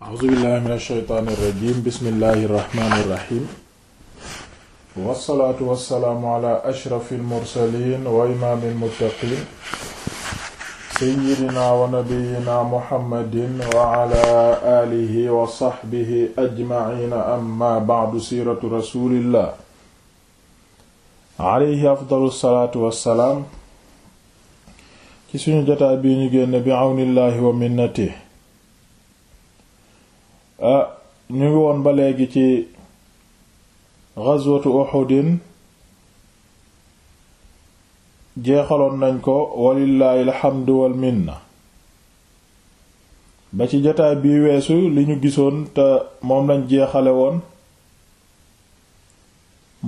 a'uuzu billahi min ashaytaani irrajim bismillahi irrahmaani irrahim wassalaatu wassalaamu ala ashrafi almursalin wa imaami almuttaqin seyidina wa nabiyina muhammadin wa ala alihi wa saxbihi ajmaciina amma bacdu siiratu rasulillah alayhi afdalu salaatu wassalaam ci suñu jotaay bii ñu génn bi awnillahi wa minnatihi Ah, ñu ngi woon ba léegi ci ghazwatu Uhudin jeexaloon nañ ko walillahi alhamdu wal minna ba ci jotaay bii weesu li ñu gisoon te moom lañ jeexale woon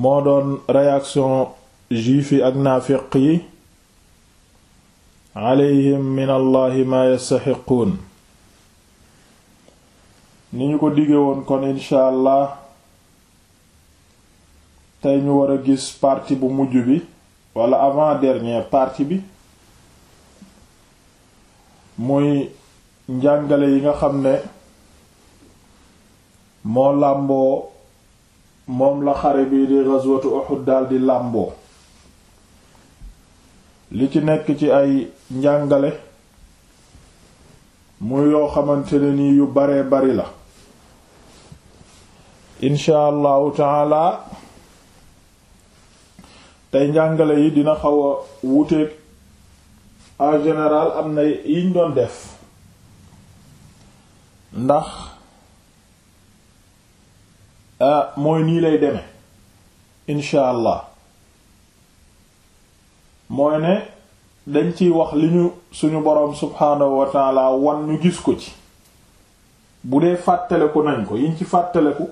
moo doon réaction juif ak naafiq yi alayhim min ma yastaxiquun ni ñu ko dige woon kon incha allah tey ñu war a gis parti bu mujj bi walla avant dernière partie bi muy njàngale yi nga xam ne moo làmboo moom la xare bii di ghazwatu Uhud daldi làmboo li ci nekk ci ay njàngale muy yoo xamante ne nii yu baree bari la insha allahu taala tey njàngale yi dina xaw a wuteeg en am na yiñ doon def ndax ah, mooy nii lay deme insha allah mooy ne dañ ciy wax li ñu suñu boroom subhaanahu wa wan ñu gis ko ci bu dee fàttaleku nañ ko yiñ ci fàttaleku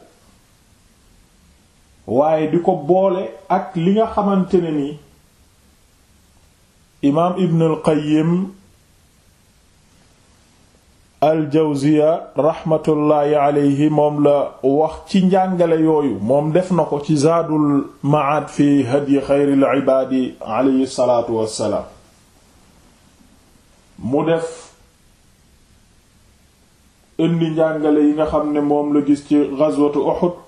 waaye di ko boole ak li nga xamante ne ni imaam Ibn al Qayyim al Jawziya rahmatullahi moom la wax ci njàngale yooyu moom def na ko ci Zaadul Ma'aad fi hadyi xayril ibaadi alayhi salaatu wassalaam mu def indi njàngale yi nga xam ne moom la gis ci ghazwatu Uhud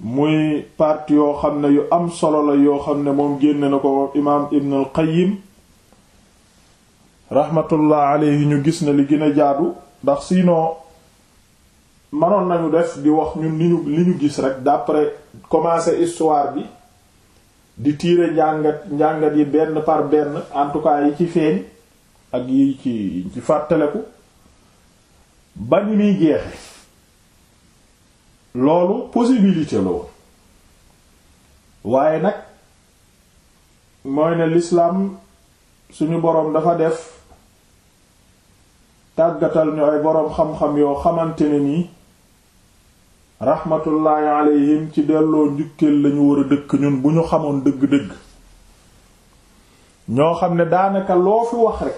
muy part yoo xam ne yu am solo la yoo xam ne moom génne na ko imaam Ibn al-Qayyim rahmatullah alayhi ñu gis na li gën a jaadu ndax sinon mënoon nañu def di wax ñun li ñu li ñu gis rek d'après commencer histoire bi di tiire njàngat njàngat yi benn par benn en tout yi ci feeñ ak yi ci ci fàttaleku ba ni jeexe loolu possibilité la waaye nag mooy ne lislaam suñu boroom dafa def tàggatal ñu ay boroom xam-xam yoo xamante ne nii raxmatullaahi alayhim ci delloo njukkeel lañu war a dëkk ñun bu ñu xamoon dëgg-dëgg ñoo xam ne daanaka loo fi wax rek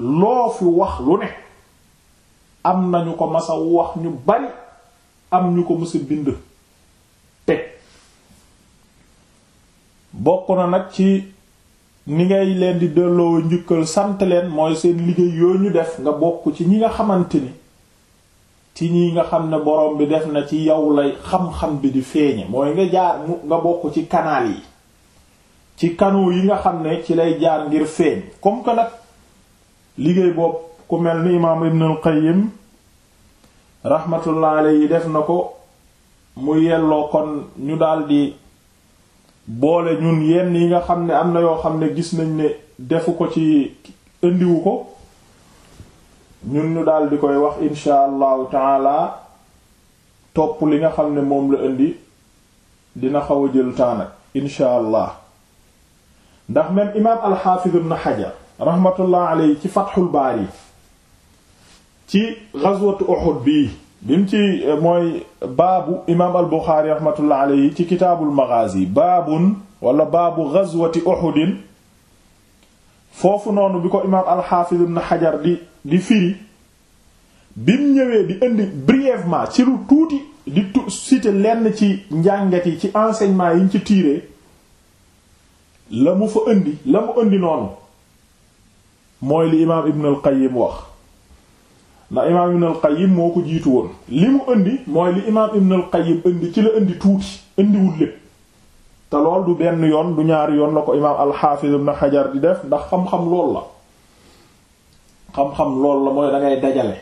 loo fi wax lu ne am nañu ko masa wax ñu bari am ñu ko mës bind teg bokk na nag ci ni ngay leen di delloo njukkal sant leen mooy seen liggéey yoo ñu def nga bokk ci ñi nga xamante ni ci ñi nga xam ne borom bi def na ci yow lay xam-xam bi di feeñe mooy nga jaar nga bokk ci kanaal yi ci canaux yi nga xam ne ci lay jaar ngir feeñ comme que nag liggéey boobu ku mel ni imaam Ibn al rahmatullah yi def na ko mu yelloo kon ñu daldi boole ñun yenn yi nga xam ne am na yoo xam ne gis nañ ne defu ko ci indiwu ko ñun ñu daldi koy wax insha allahu taala topp li nga xam ne moom la indi dina xaw a jël taanak insha allah ndax même imaam alxaafiz ibn xajar rahmatullah alayhi ci baar yi ci ghazwatu Uhud bii bim ci eh, mooy baabu imaam al-Bukhari rahmatullah alayhi ci kitaabul maghazi baabun wala baabu ghazwati Uhudin foofu noonu bi ko imaam al-Hafiz ibn Hajar di di firi bim ñëwee di indi brièvement ci lu tuuti di tu lenn ci njàngat yi ci enseignement yi ñu ci tiire la mu fa indi la mu indi noonu mooy li imaam Ibn al-Qayyim wax. ndax imaam ibn moo ko jiitu woon li mu indi mooy li imaam ibn ci la indi tuuti indiwul du benn yoon du ñaari yoon la ko imaam alxaafiz ibn xajar di def ndax xam-xam lool la xam-xam lool la mooy da dajale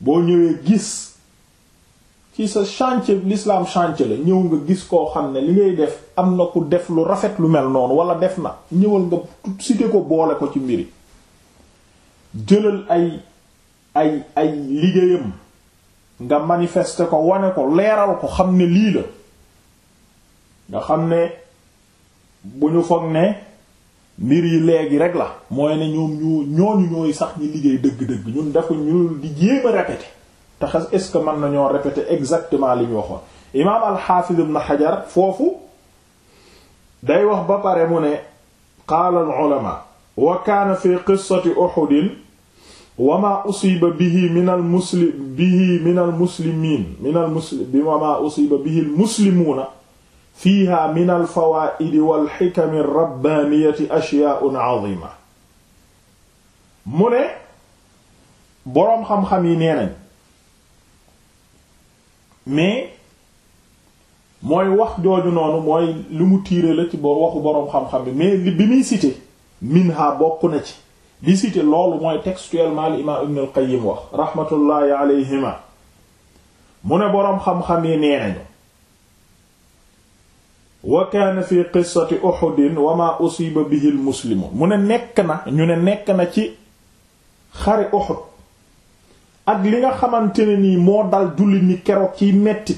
boo ñëwee gis ci sa chantier l'islam chantier la ñëw nga gis koo xam ne li ngay def am na ku def lu rafet lu mel noonu wala def na ñëwal nga cité ko boole ko ci mbiri jëlal ay ay ay liggéeyam nga manifester ko wane ko leeral ko xam ne lii la nga xam ne bu ñu foog ne mbir yi léegi rek la mooy ne ñoom ñoo ñooñu ñooy sax ñi liggéey dëgg-dëgg ñun dafa ñu di jéem a te xas est-ce que mën nañoo répéter exactement li ñu waxoon imaam al-Hafiz ibn foofu day wax ba pare mu ne qaala al-ulama wa kaana fi wamaa usiba bihi minal muslim bihi minal muslimiin minal muslim minal fawaa'idi wal xikami rabbaaniyati ashyaa'un mais mooy wax jooju noonu mooy li mu tiire la ci waxu boroom xam-xam bi mais li bi muy cité minha bokk na ci di citer loolu mooy textuellement li imaam Ibn al-Qayyim wax rahmatullahi alayhima mu ne boroom xam-xam yi nee nañu wa fi qissati Uhud wa ma usiba bihi mu ne nekk na ñu ne nekk na ci xare Uhud ak li nga xamante ne nii moo dal jullit ñi keroog ciy metti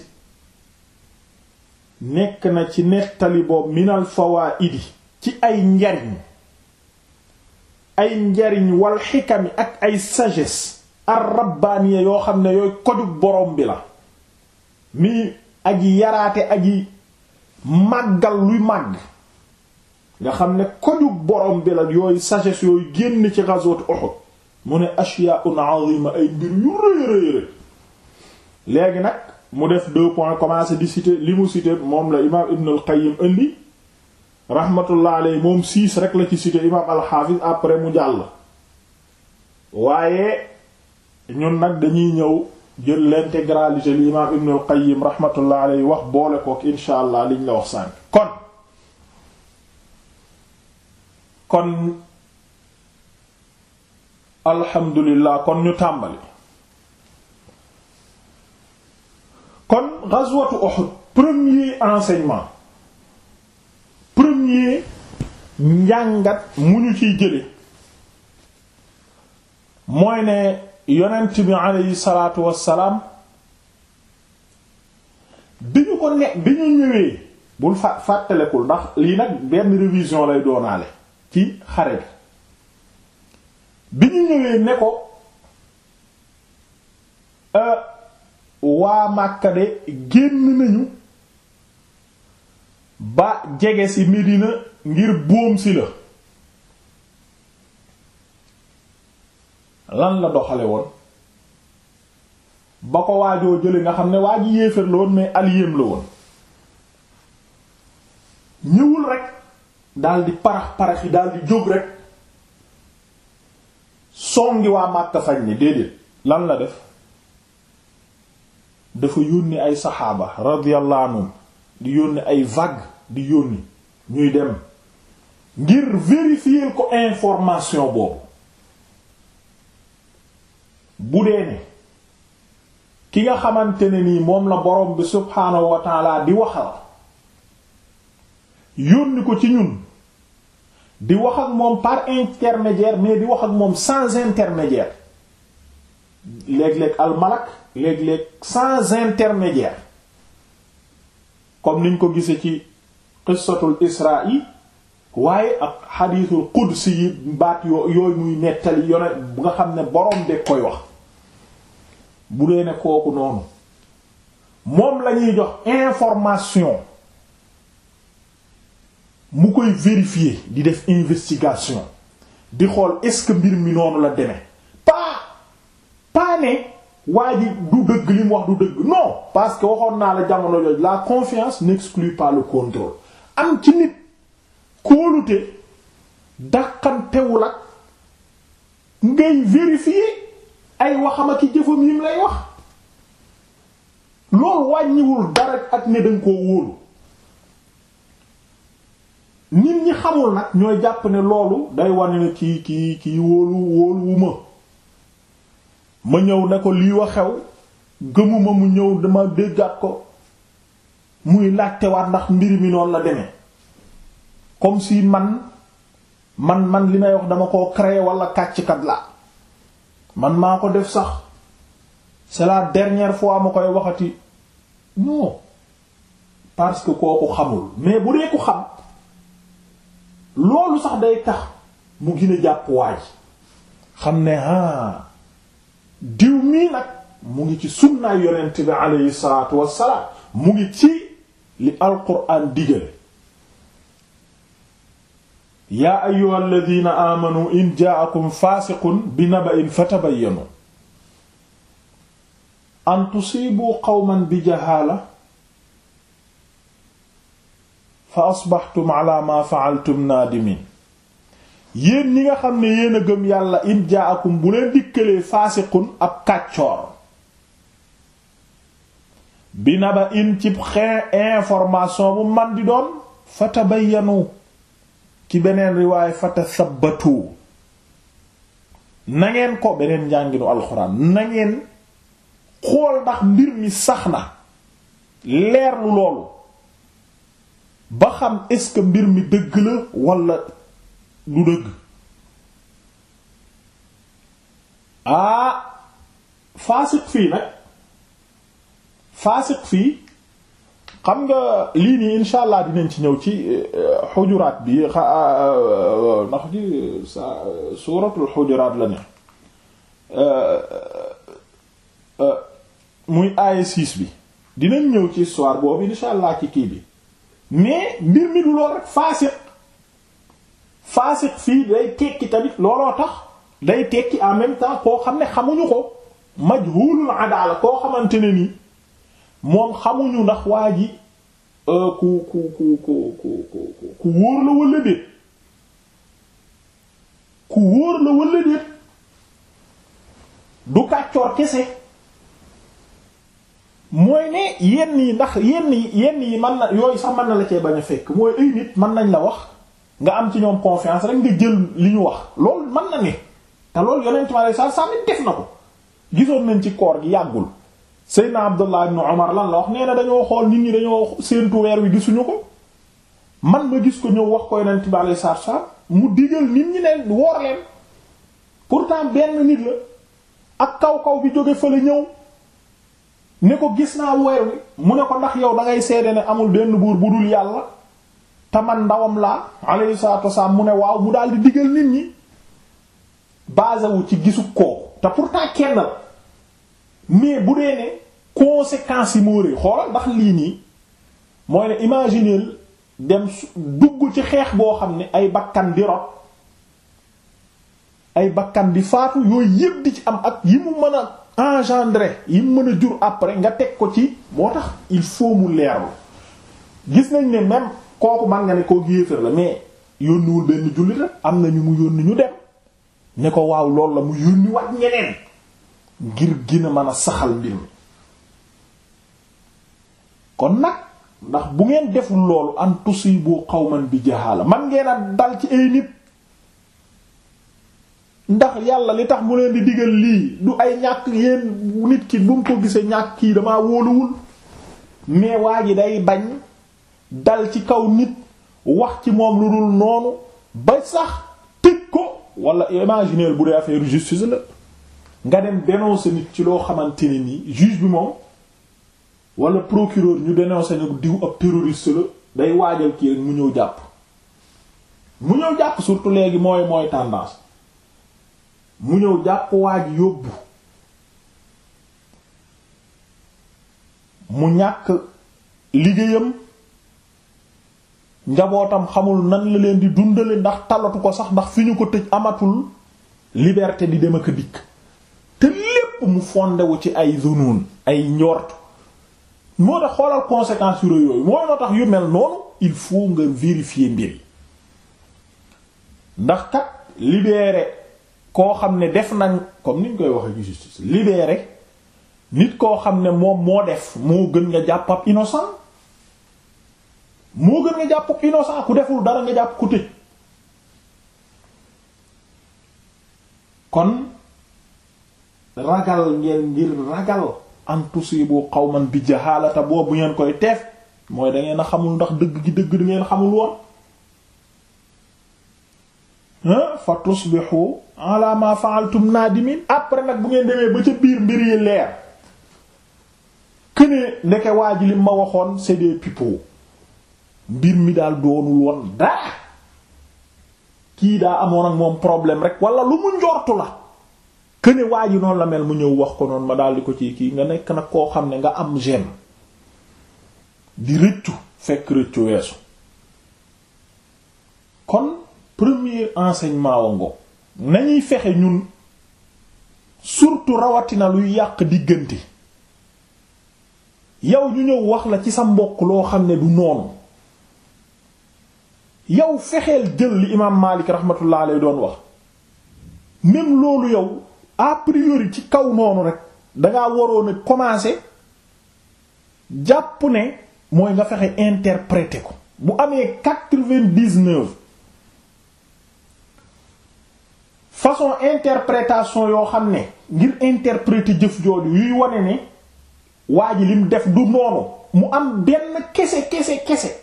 nekk na ci nettali boobu minal fawaidi ci ay njariñ ay njariñ wal xikami ak ay sages ar rabbaaniya yoo xam ne yooy kodug boroom bi la mi ak yaraate ak yi màggal luy màgg nga xam ne kodug borom bi la yooyu sages yooyu génn ci ghazwat Uhud mu ne ashyaa'un 'azima ay mbir yu rëy rëy léegi nag mu def deux points commencé di citer li mu citer moom la imaam Ibn al-Qayyim indi rahmatullah aley moom siis rek la ci cité imaam alxaafis après mu jàll waaye ñun nag dañuy ñëw jël l'intégralité li imaam ibn qayyim rahmatullah aley wax boole kook insha allah liñ la wax sànk kon kon alhamdulillah kon ñu tàmbali kon ghazwatu Uhud premier enseignement premier njàngat mu ñu ciy jële mooy ne yonent bi aleyhi salaatu wassalaam bi ñu ko ne bi ñu ñëwee bul fà fàttalekul ndax lii nag benn révision lay doonaale ci xare bi bi ñu ñëwee ne ko euh, waa Màkka de génn nañu ba jege ci Medina ngir buum si la lan la doxale woon ba ko waajoo jële nga xam ne waa ji yéefar la woon mais la woon ñëwul rek daldi parax parax yi daldi jóg rek songi waa Màkka fañ ni déedéet lan la def dafa yónni ay saxaaba radiyallahu di yónni ay vague di yónni ñuy dem ngir vérifier ko information boobu bu dee ne ki nga xamante ne nii moom la borom bi subhaanahu di waxal yónni ko ci ñun di wax ak moom par intermédiaire mais di wax ak moom sans intermédiaire léeg-léeg almalak léeg-léeg sans intermédiaire comme niñ ko gisee ci qissatul isra waaye ak xadiisul qudsi yi baat yoo yooyu muy nettali yone bu nga xam ne borom de koy wax bu dee kooku noonu moom la ñuy jox information mu koy vérifier di def investigation di xool est-ce que mbir mi noonu la demee pas paa ne waa ji du dëgg li mu wax du dëgg non parce que waxoon naa la jamono jooju la confiance n'exclut pas le contrôle am ci nit kóolute dàqantewul ak ngay vérifier ay waxam ak jëfam yim lay wax loolu wàññiwul dara ak ne danga koo wóolu nit ñi xamul nag ñooy jàpp ne loolu day wane ne kii kii kii wóolu wóoluwu ma ma ñëw ne ko lii wa xew gëmuma mu ñëw dama déggaat ko muy laajtewaat ndax mbir mi noonu la demee comme si man man man li may wax dama koo créer wala kàcckat la man maa ko def sax c'est la dernière fois ma koy waxati non parce que kooku xamul mais bu dee xam loolu sax day tax mu gën a jàpp waay xam ne ah diw mii nag mu ngi ci sunnaay yonent bi alayhi salaatu wassalaam mu ngi ci li alquraan digale yaa ayyuhal ladina amanu in jaakum faasiqun bi naba'in fatabayyanu an tusiibu qawman bi jahaala fa asbaxtum ala ma fa'altum naadimiin yéen ñi nga xam ne yéen gëm yàlla in jaakum bu leen dikkalee faasiqun ab kàccoor bi naba in ci xin information bu man di doon ba yenu ci beneen riwaay fatasabbatu na ngeen ko beneen njànginu alxuraan nangeen ngeen xool ndax mbir mi sax na leerlu loolu ba xam est-ce mbir mi dëgg la walla du dëgg aa ah, faasiq fii nag faasiq fii xam nga lii nii insha allah dinañ ci ñëw ci eh, eh, xujuraat bi eh, ndax ci suuratul xujuraat la ne muy aaya 6 bi dinañ ñëw ci histoire boobu insha allah ci kii bi mais mbir mbiru du lool rek faasiq faasiq fii day tekki tamit looloo tax day tekki en même temps koo xam ne xamuñu ko majhulul adaala koo xamante ni nii moom xamuñu ndax waa ji euh, ku ku ku ku ku ku wóor la walla ku wóor la walla du kàccoor kese mooy ne yenn yi ndax yenn yi yenn yi mën na yooyu sax mën na la cee bañ fekk mooy ay nit mën nañ la wax nga am ci ñoom confiance rek nga jël li ñu wax lool mën na ne te lool yonent mi aleyhi salaatu salaam def na ko gisoon nañ ci koor gi yàggul Seydina Abdullah ibn Umar lan la wax nee na dañoo xool nit ñi dañoo séentu weer wi gisuñu ko man ma gis ko ñëw wax ko yonent bi alayhi salaatu salaam mu digal nit ñi leen woor leen pourtant benn nit la ak kaw kaw bi jóge fële ñëw ne ko gis naa weer mu ne ko ndax yow da ngay seede ne amul benn buur bu dul yàlla te man ndawam laa alayhi salaatu wasalaam mu ne waaw mu daal di digal nit ñi basé ci gisu kooku te pourtant kenn la. mais bu dee ne conséquences yi moo rëy xoolal ndax lii nii mooy ne imaginer dem dugg ci xeex boo xam ne ay bakkan di rot ay bakkan di faatu yooyu yëpp di ci am ak yi mu mën a engendrer yi mu mën a jur après nga teg ko ci moo tax il faut mu leerlu gis nañ ne même kooku man nga ne koo géefér la mais yónniwul benn jullit am na ñu mu yónni ñu dem ne ko waaw loolu la mu yónni wat ñeneen ngir gën a mën a saxal mbir mi kon nag ndax bu ngeen deful loolu bu xaw qawman bi jahaala man ngeen a dal ci ay nit ndax yàlla li tax mu leen di diggal lii du ay ñàkk yéen nit ki bu mu ko gisee ñàkk kii damaa wóoluwul mais waa ji day bañ dal ci kaw nit wax ci moom lu dul noonu ba sax tëj ko wala imaginer bu dee affaire justice la nga dem dénoncer nit ci loo xamante ne nii juge bi moom wala procureur ñu dénoncer nag diw ab terroriste la day waajal kii rek mu ñëw jàpp mu ñëw jàpp surtout léegi mooy mooy tendance mu ñëw jàpp waaj yóbbu mu ñàkk liggéeyam njabootam xamul nan la leen di dundale ndax talatu ko sax ndax fi ñu ko tëj amatul liberté di dem ak dikk te lépp mu fondewu ci ay zunuun ay njort moo tax xoolal conséquences yu rëy yooyu moo tax yu mel noonu il faut nga vérifier mbir yi ndax kat libéré koo xam ne def nañ comme niñ koy waxee justice libéré nit koo xam ne moom moo def moo gën nga jàpp ab innocent moo gën nga jàpp ab innocent ku deful dara nga jàpp ku tëj kon. ragal ngeen ngir ragal an tusibu qawman bi jahalata boobu ngeen koy teef mooy da xamul ndax dëgg gi dëgg da ngeen xamul woon fa tusbihu ala ma fa'altum nadimin après nag bu ngeen demee ba ca biir mbir yi leer kënee ndeke waa ji li ma waxoon c'est des pipeaux mbir mi daal doonul woon daa kii daa amoon ak moom problème rek wala lu mu njortu la këne waa ji noonu la mel mu ñëw wax ko noonu ma daal ko ci kii nga nekk nag koo xam ne nga am gêne di rëccu fekk rëccu weesu kon premier enseignement wango nañuy fexe ñun surtout rawatina luy yàq diggante yow ñu ñëw wax la ci sa mbokk loo xam ne du noonu yow fexeel jël li imaam Maalik rahmatullah lay doon wax même loolu yow a priori ci kaw noonu rek dangaa waroon a commencer jàpp ne mooy nga fexe interpréter ko bu amee quatre-vingt-dix-neuf façon interprétation yoo xam ne ngir interpréter jëf jooju yuy wane ne waa ji lim def du noonu mu am benn kese kese kese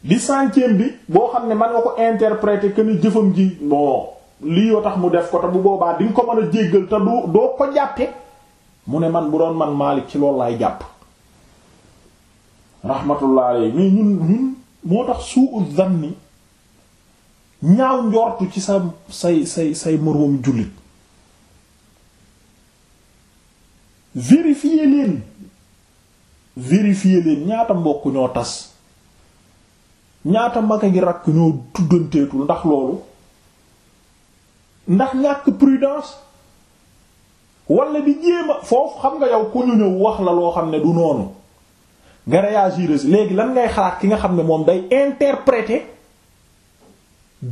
di centième bi boo xam ne man nga ko interpréter que jëfam ji non lii yoo tax mu def ko te bu boobaa di ko mën a jéggal te doo ko jàppe mu ne man bu doon man Maalik ci loolu laay jàpp rahmatullah alayhi mais ñun ñun moo tax su'u zanni ñaaw njortu ci sa say say say moroom jullit vérifier leen vérifier leen ñaata mbokk ñoo tas ñaata mag a ngi rakk ñoo tuddanteetul ndax loolu ndax ñàkk prudence wala bi jéem a foofu xam nga yow ku ñu ñëw wax la loo xam ne du noonu nga réagir léegi lan ngay xalaat ki nga xam ne moom day interpréter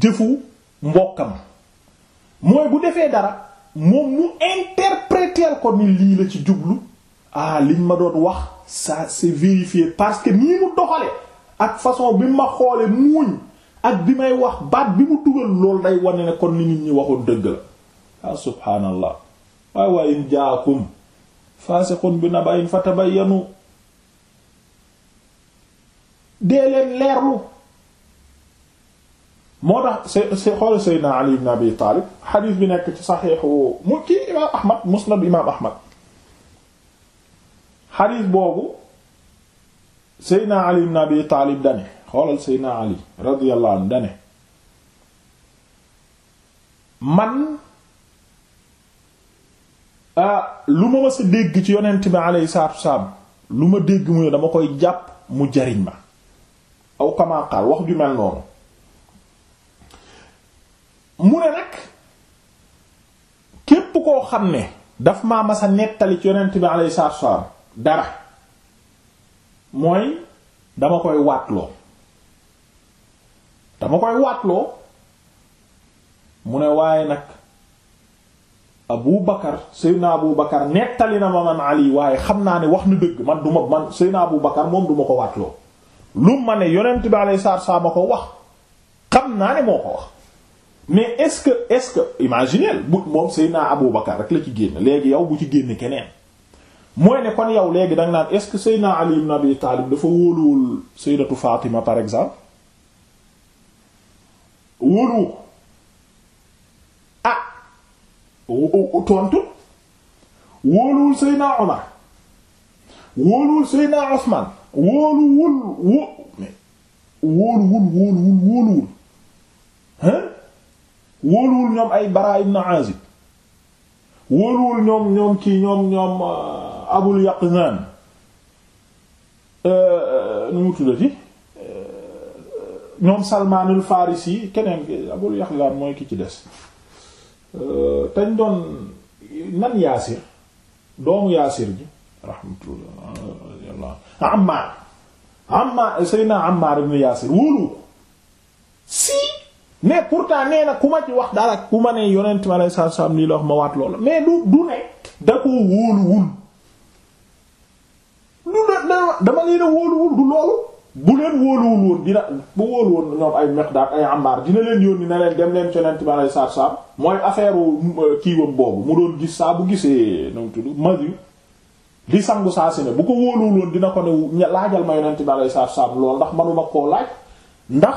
jëfu mbokkam mooy bu defee dara moom mu interpréter ko ni lii la ci jublu ah liñ ma doon wax ça c'est parce que nii mu doxale ak façon bi mu ma xoole muuñ ak bi may wax baat bi mu dugal lool day wane ne kon li nit ñi waxoon dëgg la ah subhaanallah waaye waaye in jaakum faasiqun bi naba'in fatabayyanu dee leen leerlu moo tax si xool seydna ali ibn abi taalib xadiis bi nekk ci saxiixu mu kii imaam ahmad musnad imaam ahmad xadiis boobu seydna ali ibn abi taalib dane xoolal seydna ali radiyallahu dane man lu ma mës dégg ci yonent bi alayhi salaatu wasalaam lu ma dégg mu dama koy jàpp mu jariñ ma aw kamaakaal wax ju mel noonu mu ne nag képp koo xam ne dafa maa masa a nettali ci yonent bi alayhi salaatu wasalaam dara mooy dama koy waatloo dama koy waatloo mu ne waaye nag abu bakar naa abu bakar nettali na ma man ali waaye xam naa ne wax na dëgg man duma man naa abu bakar moom duma ko waatloo lu ma ne yonent bi alayhi salaatu salaam ma ko wax xam naa ne moo ko wax mais est-ce que est-ce que imaginez bu moom seydna abu bakar rek la ci génn léegi yow bu ci génn keneen mooy ne kon yow léegi danga naan est-ce que seydna ali ibn abi taalib dafa wóoluwul seydatu fatima par exemple wóoluwu ko ah tontu wóoluwul Seydina Omar wóoluwul Seydina Osman wóoluwul wó wóoluwul wóoluwul wóoluwul hein wóoluwul ñoom ay Bara ibn Azib wóoluwul ñoom ñoom kii ñoom ñoom euh, Abul Yaqzan euh, euh, nu mu tuddati ñoom Salmaanul Farisi keneen ki Abul Yaxlaan mooy ki ci des euh, tañ doon nan Yaasir doomu Yaasir ji rahmatullah Ammaar Ammaar Seydina Ammaar ibn Yaasir wóolu si mais pourtant nee na ku ma ci wax dara ku ma ne yonent ma lay saa saam la wax ma waat loola mais du du ne da koo wóoluwul du da dama leen a wóoluwul du loolu bu leen wóoluwul woon dina bu wóolu woon ay Miqdaad ay Ammaar dina leen yónni na leen dem leen conent bi alei saatu salaam mooy affaire euh, kiiwam boobu mu doon gis saa bu gisee nu mu tudd Madyu sangu saa si ne bu ko wóoluwul woon dina ko ne laajal ma yonent bi alei saatu salaam loolu ndax manuma koo laaj ndax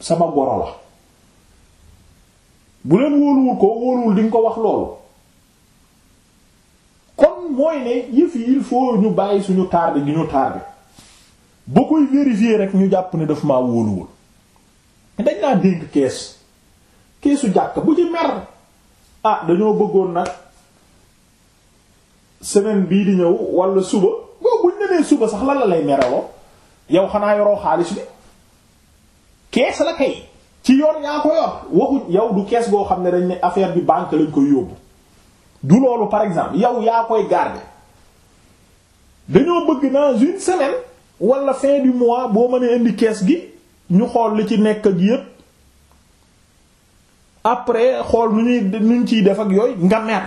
sama goro la bu leen wóoluwul ko wóoluwul di ko wax loolu kon mooy ne yëf yi il ñu bàyyi suñu tarde gi ñu tarde ba koy vérifier rek ñu jàpp ne dafa maa wóoluwul dañ laa dénk kees keesu jàkk bu ci mer ah dañoo bëggoon nag semaine bii di ñëw walla suba boo buñ nenee suba sax lan la lay mereloo yow xanaa yoroo xaalis bi kees la kay ci yoon yaa ko yor waxuñ yow du kees goo xam ne dañ ne affaire bi banque lañ koy yóbbu du loolu par exemple yow yaa koy garder dañoo bëgg dans une semaine wala fin du mois boo mënee indi kees gi ñu xool li ci nekk ak yépp après xool nu ñuy nu ñu ciy def ak yooyu nga mer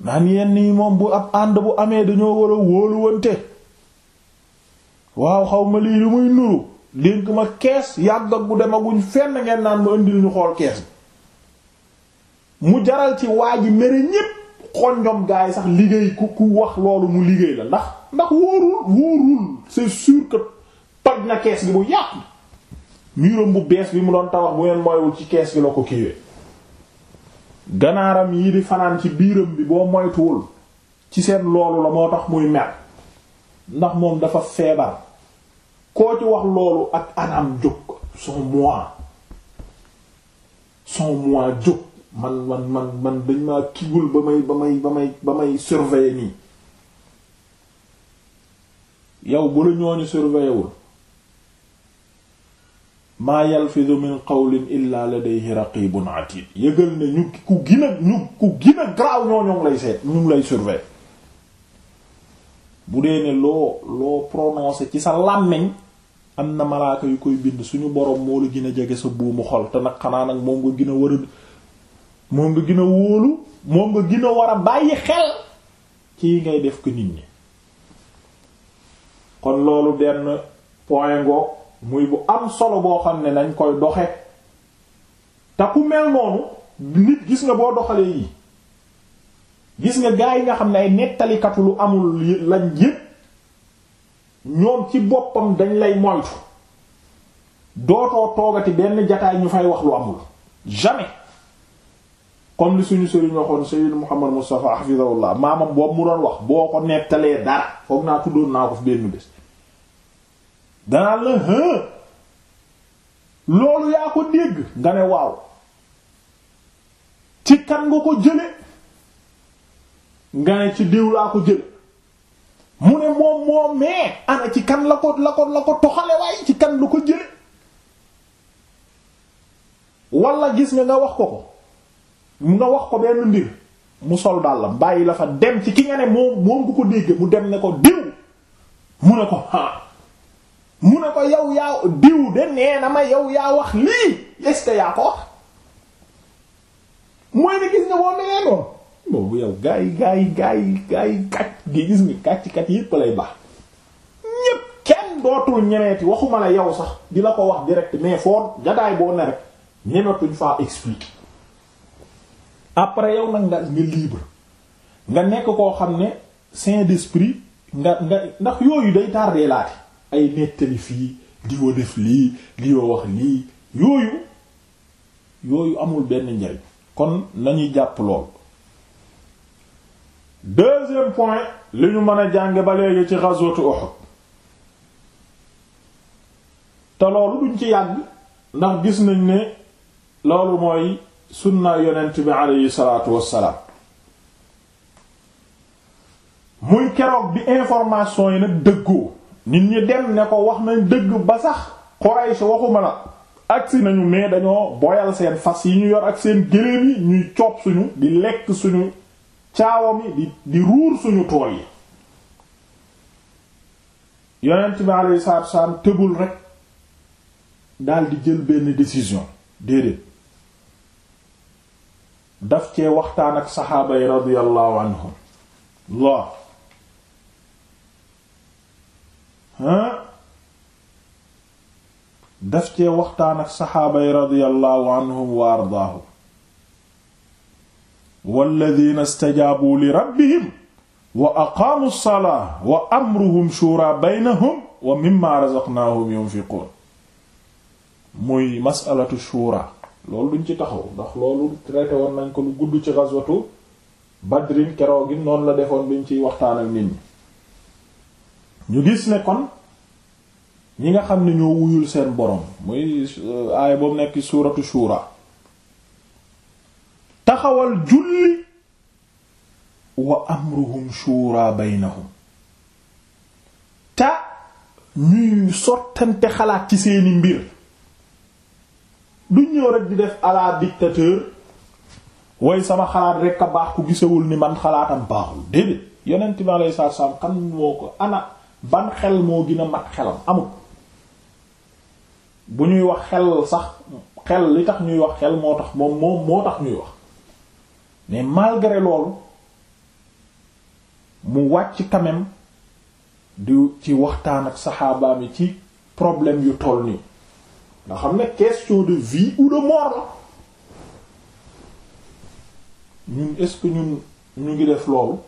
naan yenn yi moom bu ab ànd bu amee dañoo war a wóoluwante waaw xaw ma lii lu muy nuru dénk ma kees yàgg ak bu demaguñ fenn ngeen naan ma indil ñu xool kees mu jaral ci waa ji mere ñépp xonjom gaa yi sax liggéey ku ku wax loolu mu liggéey la ndax ndax wóorul wóorul c'est sûr que toj na kees gi bu yàqu muram bu bees bi mu doon tabax bu ngeen moywul ci kees gi la ko kiiwee ganaaram di fanaan ci biiram bi moytuwul ci seen loolu la moo tax muy mer ndax moom dafa feebar koo ci wax loolu ak anam jóg son moi son moi jóg man man man man dañ maa kigul ba may ba may ba may ba may surveiller nii yow bu la ñooñu surveiller wul maa yalfidu min qawlin illa ladayhi bu atid yëgal ne ñu ku gën a ñu ku gën a ñoo ñoo lay seet ñu ngi lay surveiller bu dee ne loo loo prononcé ci sa làmmiñ am na malaaka yu koy bind suñu borom moo la gën a jege sa buumu xol te nag xanaa nag moom nga gën a moom nga gina a wóolu moom nga gën wara war a bàyyi xel ci ngay def ko nit ñi kon loolu benn point ngo muy bu am solo boo xam ne nañ koy doxe te ku mel noonu nit gis nga boo doxalee yi gis nga gaa yi nga xam ne ay nettalikatu lu amul lañ yépp ñoom ci boppam dañ lay moytu dootoo toogati benn jataay ñu fay wax lu amul jamais comme li suñu sëriñ waxoon Sayyid Muhammad Mustafa hafizahullah maamam boobu mu doon wax boo ko nettalee dara foog naa tuddoon naa ko fi benn bés danaa la hë loolu yaa ko dégg nga ne waaw ci kan nga ko jële nga ne ci diw laa ko jële mu ne moom moom mee ana ci kan la ko la ko la ko toxale waaye ci kan la ko jële walla gis ne nga wax ko ko nga wax ko benn mbir mu sol dàllam bàyyi la fa dem ci ki nga ne moom moom bu ko dégg mu dem ne ko diw mu ne ko ah mu ne ko yow yaa diw de nee na ma yow yaa wax lii yaa ko wax mooy ne gis nga boo melee noonu boobu yow gaa yi gaa yi gaa yi gaa yi kàcc gi gis nga kàcc kat yépp lay baax ñépp kenn dootul ñemeeti waxuma la yow sax di la ko wax direct mais foo jadaay boo ne rek ñemetuñ faa expliquer après yow nag nga nga libre nga nekk koo xam ne saint d'esprit nga nga ndax yooyu day tardé laati ay nettali fii di wa def lii di wa wax lii yooyu yooyu amul benn njariñ kon nañuy jàpp lool deuxième point li ñu mën a jànge ba léegi ci ghazwatu Uhud te loolu duñ ci yàgg ndax gis nañ ne loolu mooy sunna yonent bi aleyhi salaatu wassalaam muy keroog bi information yi nag dëggoo nit ñi dem ne ko wax nañ dëgg ba sax Quraysh waxuma la agsi nañu mais dañoo boyal seen fas yi ñu yor ak seen gëléem yi ñuy coob suñu di lekk suñu caawam yi di di ruur suñu tool yi yonent bi aleyhi salaatu wassalaam tëbul rek daal di jël benn décision déedéet daf cee waxtaan ak saxaaba yi radiyallahu anhum Allah ha daf cee waxtaan ak saxaaba yi radiyallahu anhum wa ardaahum walladina stajaabu li rabbihim wa aqaamu salaa wa amruhum shura baynahum wa mimma razaqnaahum yunfiqun muy masalatu shura loolu duñ ci taxaw ndax loolu traité nañ ko lu gudd ci ghazwatu badrin keroo gi noonu la defoon biñ ciy waxtaan ak nit ñi ñu gis ne kon ñi nga xam ne ñoo wuyul seen borom muy euh, aaya boobu nekk suuratu suura taxawal julli wa amruhum shura baynahum ta ñuy sottante xalaat ci seeni mbir duñ ñëw rek di def à la dictateur way sama xalaat rek a baax ku gisewul ni man xalaatam baaxul déedéet yonent bi saa salaatu salaam kan moo ko ana ban xel moo gën a mat xelam amul bu ñuy wax xel sax xel li tax ñuy wax xel moo tax moom moom moo tax ñuy wax mais malgré loolu mu wàcc quand même du ci waxtaan ak saxaabaam yi ci problème yu toll nii nga xam ne question de vie ou de mort la ñun est ñun ñu ngi def loolu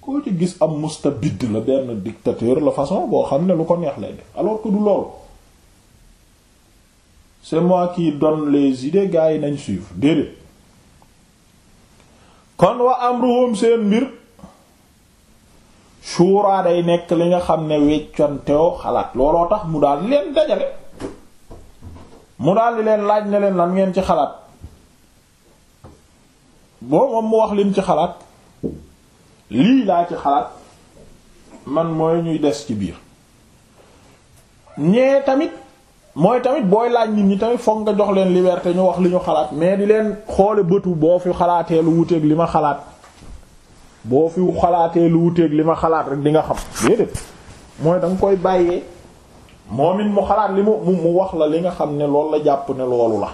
koo ci gis am mustabid la benn dictateur la façon boo xam ne lu ko neex lay def alors que du loolu c'est moi qui donne les idées gars yi nañ suivre déedéet kon wa amruhum seen mbir suuraa day nekk li nga xam ne weccantewo xalaat looloo tax mu daal leen dajale mu daal di leen laaj na leen lan ngeen ci xalaat boo moom mu wax leen ci xalaat lii laa ci xalaat man mooy ñuy des ci biir ñee tamit mooy tamit booy laaj nit ñi tamit fokk nga jox leen liberté ñu wax li ñu xalaat mais di leen xoole bëtu boo fi xalaatee lu wuteeg li ma xalaat boo fi xalaatee lu wuteeg li ma xalaat rek di nga xam déedéet mooy danga koy bàyyee moom it mu xalaat li mu mu wax la li nga xam ne loolu la jàpp ne loolu la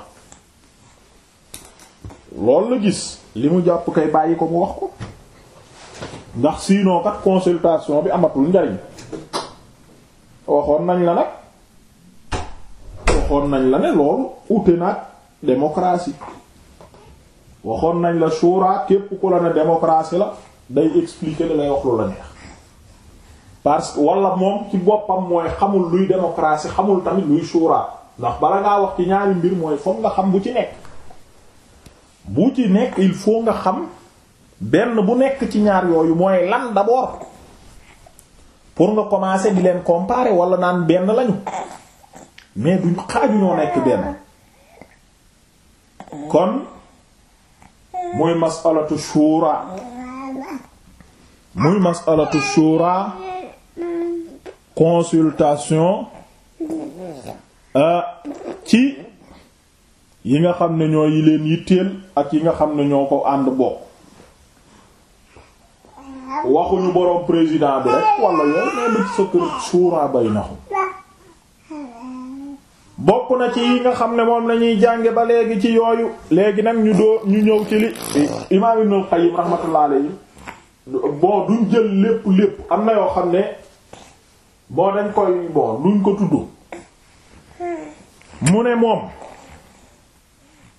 loolu la gis li mu jàpp kay bàyyi ko mu wax ko ndax sinon kat consultation bi amatul njariñ waxoon nañ la nag waxoon nañ la ne loolu ute nag démocratie waxoon nañ la shura képp ku la ne démocratie la day expliquer li lay wax lu la neex parce que wala moom ci boppam mooy xamul luy démocratie xamul tamit luy suuraa ndax bala ngaa wax ci ñaari mbir mooy foog nga xam bu ci nekk bu ci nekk il faut nga xam benn bu nekk ci ñaar yooyu mooy lan d'abord pour nga commencer di leen comparer wala naan benn lañu mais duñ xaaju ñoo nekk benn kon muy masalatu shura muy masalatu shura consultation euh, ci yi nga xam ne ñoo yi leen yitteel ak yi nga xam ne ñoo ko ànd bokk waxuñu boroom président bi rek wala yooyu nee na suuraa bay naxu bokk na ci yi nga xam ne moom lañuy jànge ba léegi ci yooyu léegi nag ñu doo ñu ñëw ci li imaam Ibnul Qayyim rahmatullah alayhi bon duñ jël lépp lépp am na yoo xam ne boo dañ ko tudd mu ne moom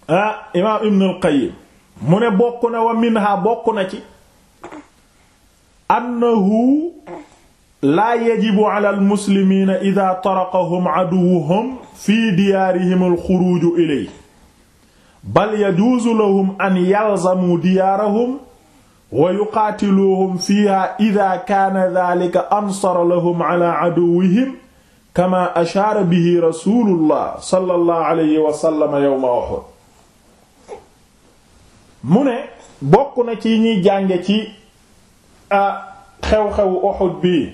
ah imaam Ibn al mu ne bokk na wa minha bokk na ci annahu laa yajibu ala almuslimiina ida taraqahum aduwuhum fi diyaarihim alxuruuju ilay bal yajuuzu lahum an yalzamuu diyaarahum wa yuqaatiluuhum fiiha ida kaana dalika ansara lahum ala aduwihim kama ashaara bihi rasulullah sallallahu alayhi wa sallam yawma Uhud mu ne bokk na ci ñuy jànge ci xew-xewu Uhud bii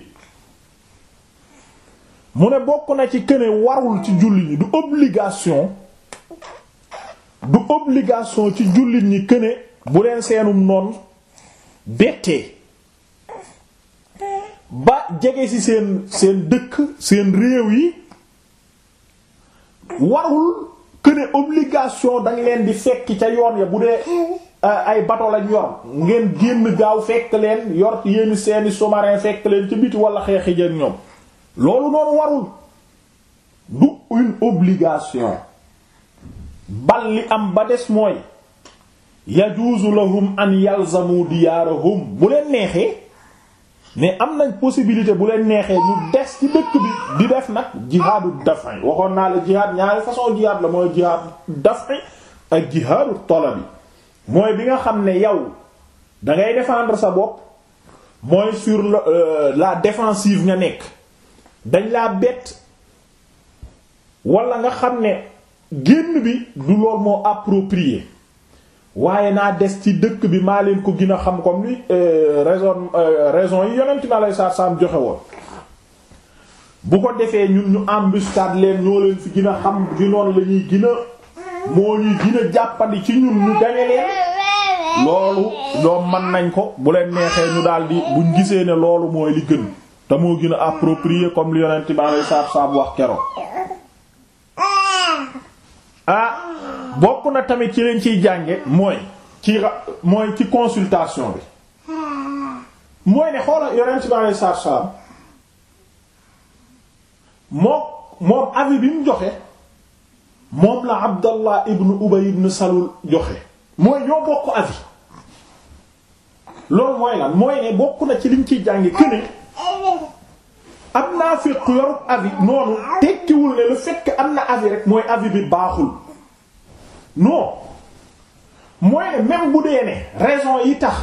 mu ne bokk na ci këne warul ci jullit ñi du obligation du obligation ci jullit ñi këne bu leen seenum noonu bettee ba jege ci seen seen dëkk seen réew yi warul que ne obligation dañ leen di fekki ca yoon ya bu dee euh, ay bato lañ yor ngeen génn gaaw fekk leen yor yéen seeni sous-marin fekk leen ci biti wala xeexi jën ñoom loolu noonu warul du une obligation bal li am ba des mooy yajuuzu lahum an yalzamu diyaarahum bu leen neexee mais am nañ possibilité bu leen neexee ñu des ci dëkk bi di def nag jihaadu daf'i waxoon naa la jihaad ñaari façon jihaad la mooy jihaad daf'i ak jihaadu talabi mooy bi nga xam ne yow da ngay défendre sa bopp mooy sur euh, la défensive nga nekk dañ laa bett wala nga xam ne génn bi du lool moo approprié waaye naa des ci dëkk bi maa leen ko gën a xam comme ni euh, raison euh, raison yi yonent bi alayhi salaam joxe woon bu ko defee ñun ñu embustade leen ñoo leen fi gën a xam ginoon la ñuy moo ñuy gën jàppandi ci ñun ñu gañe leen loolu ñoom mën nañ ko bu leen neexee ñu daldi buñ gisee ne loolu mooy li gën te moo gën a approprié comme li yonent bi alayhi salaam wax keroo ah! bokk na tamit ci leen ciy jànge mooy ci mooy ci consultation bi mooy ne xoolal yonent bi alayhi salaatu salaam moom moom avis bi mu joxe moom la Abdallah ibn Ubay ibn Salul joxe mooy ñoo bokk avis loolu mooy lan mooy ne bokk na ci liñ ciy jànge këne am naa fi yorub avis noonu tekkiwul ne lu fekk am na avis rek mooy avis bi baaxul non mooy ne même bu dee ne raison yi tax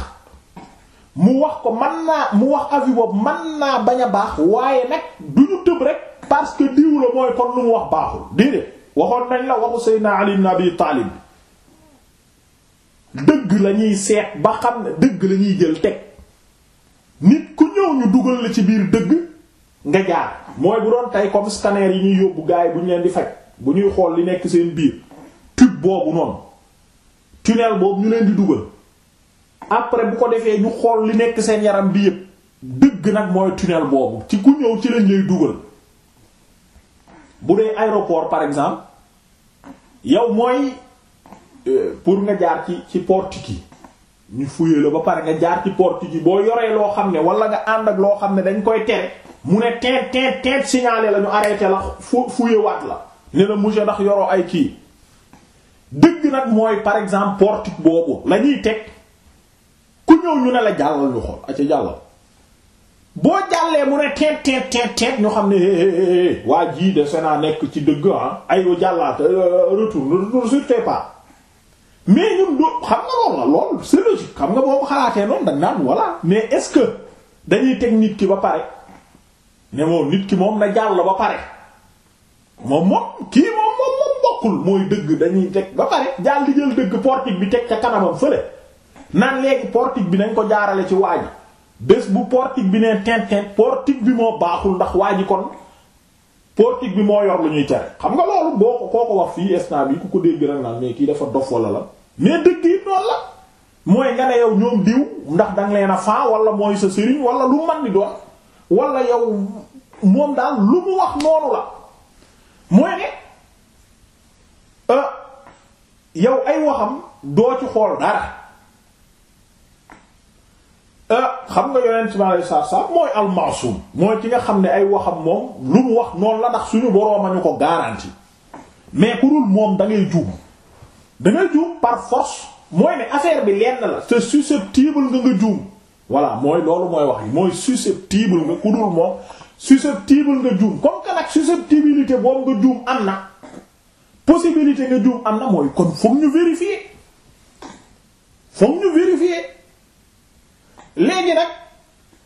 mu wax ko man naa mu wax avis boobu man naa bañ a baax waaye nag du ñu tëb rek parce que diw la mooy kon lu mu wax baaxul déedéet waxoon nañ la waxu Seydina Ali ibn Abi dëgg lañuy seet ba xam ne dëgg la ñuy jël teg nit ku ñëw ñu dugal la ci biir dëgg nga jaar mooy bu doon tey comme scanner yi ñuy yóbbu gaay bu ñu leen di faj bu ñuy xool li nekk seen biir tube boobu noonu tunnel boobu ñu leen di dugal après bu ko defee ñu xool li nekk seen yaram bi yépp dëgg nag mooy tunnel boobu ci ku ñëw ci lañ lay dugal bu dee aéroport par exemple yow mooy euh, pour nga jaar ci ci portique yi ñu fuyee la ba pare nga jaar ci portique yi boo yoree loo xam ne wala nga ànd ak loo xam ne dañ koy tere mu ne teet teet teet signalé la ñu arrêté la fu fuyee waat la ne la monsieur ndax yoroo ay kii dëgg nag mooy par exemple portique boobu lañuy teg ku ñëw ñu ne la jàllal ñu xool aca jàllal boo jàllee mu ne teet teet teet teet ñu xam ne waa jii de seenaa nekk ci dëgg ah ayo jàllaat euh, retour retour sur tes mais ñun do xam nga loolu la loolu c'est logique xam nga boo ko noonu dañ naan voilà mais est-ce que dañuy teg nit ki ba pare ne moom nit ki moom na jàll ba pare moom moom kii bokkul mooy dëgg dañuy teg ba pare jàll di dëgg portique bi teg ca kanamam fële naan léegi portique bi nañ ko jaarale ci waa ji bés bu portique bi nee tintin portique bi moo baaxul ndax waa ji kon portique bi moo yor lu ñuy tere xam nga loolu boo ko koo ko wax fii instant bi ku ko dégg rek naan mais kii dafa dof wala la mais dëgg yi noonu la mooy nga ne yow ñoom diw ndax danga leen a faa wala mooy sa sëriñ wala lu man ni doon wala yow moom daal lu mu wax noonu la Ah, yow ay waxam doo ci xool dara ah, xam nga yonent bi alayhi salaatu salaam mooy almaasuum mooy ki nga xam ne ay waxam moom lu mu wax noonu la ndax suñu boroom a ñu ko garanti mais ku dul moom da ngay juum da ngay juum par force mooy ne affaire bi lenn la te susceptible nga nga juum voilà mooy loolu mooy wax yi mooy susceptible nga ku dul moom susceptible nga juum comme que nag susceptibilité boobu nga juum am na possibilité nga juum am na mooy kon foog ñu vérifier foog ñu vérifier léegi nag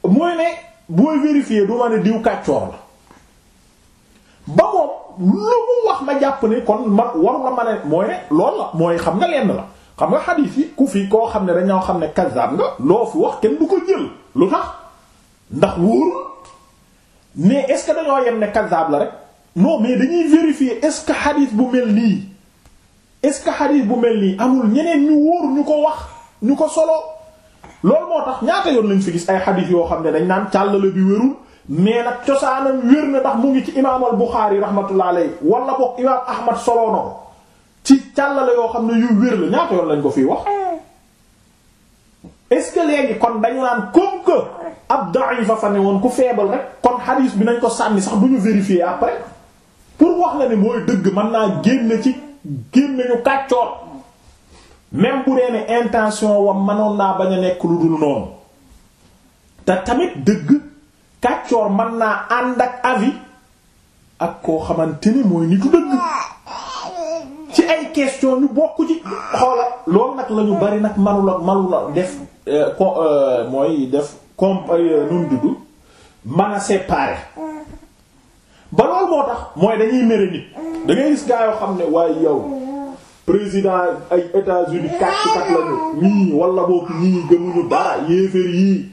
mooy ne booy vérifier du ma ne diw kàccoor la ba moom lu mu wax ma jàpp ne kon ma war ma ne mooy ne loolu la mooy xam nga lenn la xam nga xadiis yi ku fi koo xam ne dañoo xam ne kazaab nga loo fi wax kenn du ko jël lu tax ndax wóorul mais est-ce que dañoo yem ne kazaab la rek. non mais dañuy vérifier est-ce que xadis bu mel nii est-ce que xadis bu mel nii amul ñeneen ñu wóor ñu ko wax ñu ko solo loolu moo tax ñaata yoon lañ fi gis ay xadis yoo xam ne dañ naan càllale bi wérul mais nag cosaanam wér na ndax mu ngi ci imaam al Buxaari rahmatullah alayhi wala boog imaam Ahmad solo na ci càllale yoo xam ne yu wér la ñaata yoon lañ ko fiy wax kon dañu naan comme que ab da'if fa ne woon ku feebal rek kon xadis bi nañ ko sànni sax du ñu vérifier après. pour wax la ne mooy dëgg man naa génn ci génn ñu kàccoor même bu dee ne intention wa mënoon naa bañ a nekk lu dul noonu te tamit dëgg kàccoor man naa ànd ak avis ak koo xamante ni mooy nitu dëgg ci ay question ñu bokk ci xoola loolu nag la ñu bari nag manula manula def euh, euh, mooy def comme euh, nun dudd mën a séparer ba loolu moo tax mooy dañuy mere nit da ngay gaa yoo xam ne waaye yow président ay États-Unis kàcc kat lañu ñii wala boog ñii gëmuñu dara yéeféer yii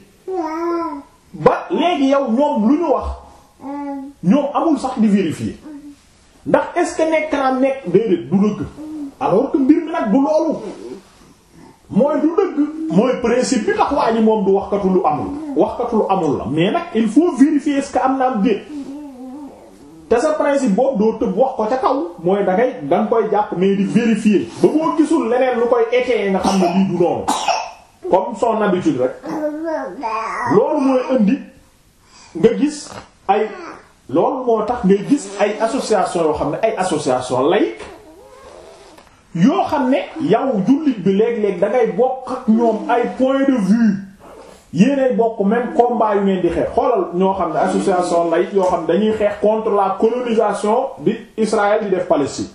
ba léegi yow ñoom lu ñu wax ñoom amul sax di vérifier ndax est-ce que nekk naa nekk déedéet du dëgg alors que mbir mi nag bu loolu mooy du dëgg mooy principe bi tax waa ji moom du waxkatu lu amul waxkatu lu amul la mais nag il faut vérifier est am naa am déet te sa principe boobu doo tëb wax ko ca kaw mooy da ngay nga koy jàpp mais di vérifier ba boo gisul leneen lu koy étayer nga xam ne lii du noonu comme son habitude rek loolu mooy indi nga gis ay loolu moo tax ngay gis ay association yoo xam ne ay association laïque yoo xam ne yow jullit bi léeg-léeg da ngay bokk ak ñoom ay point de vue yéenay bokk même combat yu ngeen di xeex xoolal ñoo xam ne association lay yoo xam ne dañuy xeex contre la colonisation bi Israël di def Palestine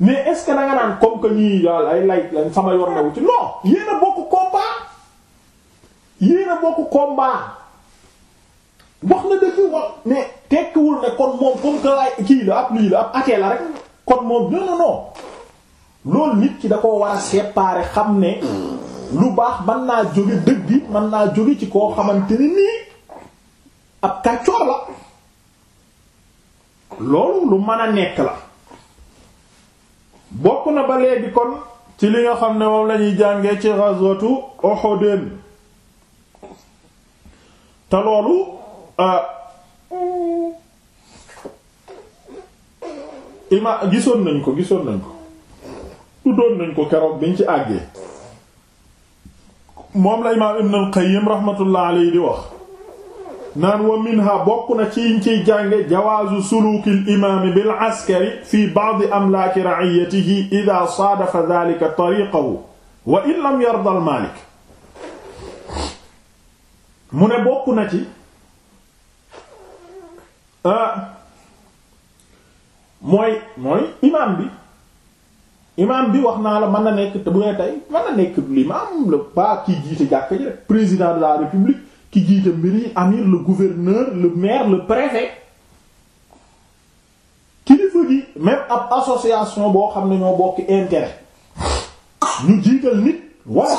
mais est-ce que nga naan comme que ñii daal lañ sama yor nawu ci non yéen bokk combat yéen a bokk combat wax na dëgg wax tekkiwul ne kon moom comme que lay ab lii la ab atee la rek kon moom non non loolu nit ki da ko war a séparer xam ne lu baax man naa jóge dëgg yi mën naa jóge ci koo xamante ni nii ab kàccoor la loolu lu mën a nekk la bokk na ba léegi kon ci li nga xam ne moom lañuy jàngee ci ghazwatu Uhud te loolu euh, ima gisoon nañ ko gisoon nañ ko tuddoon nañ ko keroog biñ ci àggee moom la imaam ibn al-Qayyim rahmatullah alayhi di wax naan wa minha bokk na ci yiñ ciy jànge jawaazu suluuki al-imaam bil askari fi ba'd amlaaki ra'iyatihi idha saadafa dhaalika tariqahu wa in lam yarda al-maalik mu ne bokk ci ah, mooy mooy imaam bi imam bi wax naa la mën na nekk bu ne tey mën na nekk l'imam le pas kii jiite jàkka ji rek président de la république ki jiite mbir yi amir le gouverneur le maire le préfet kilifa gi même ab association boo xam ne ñoo bokk intérêt ñu jiital nit wala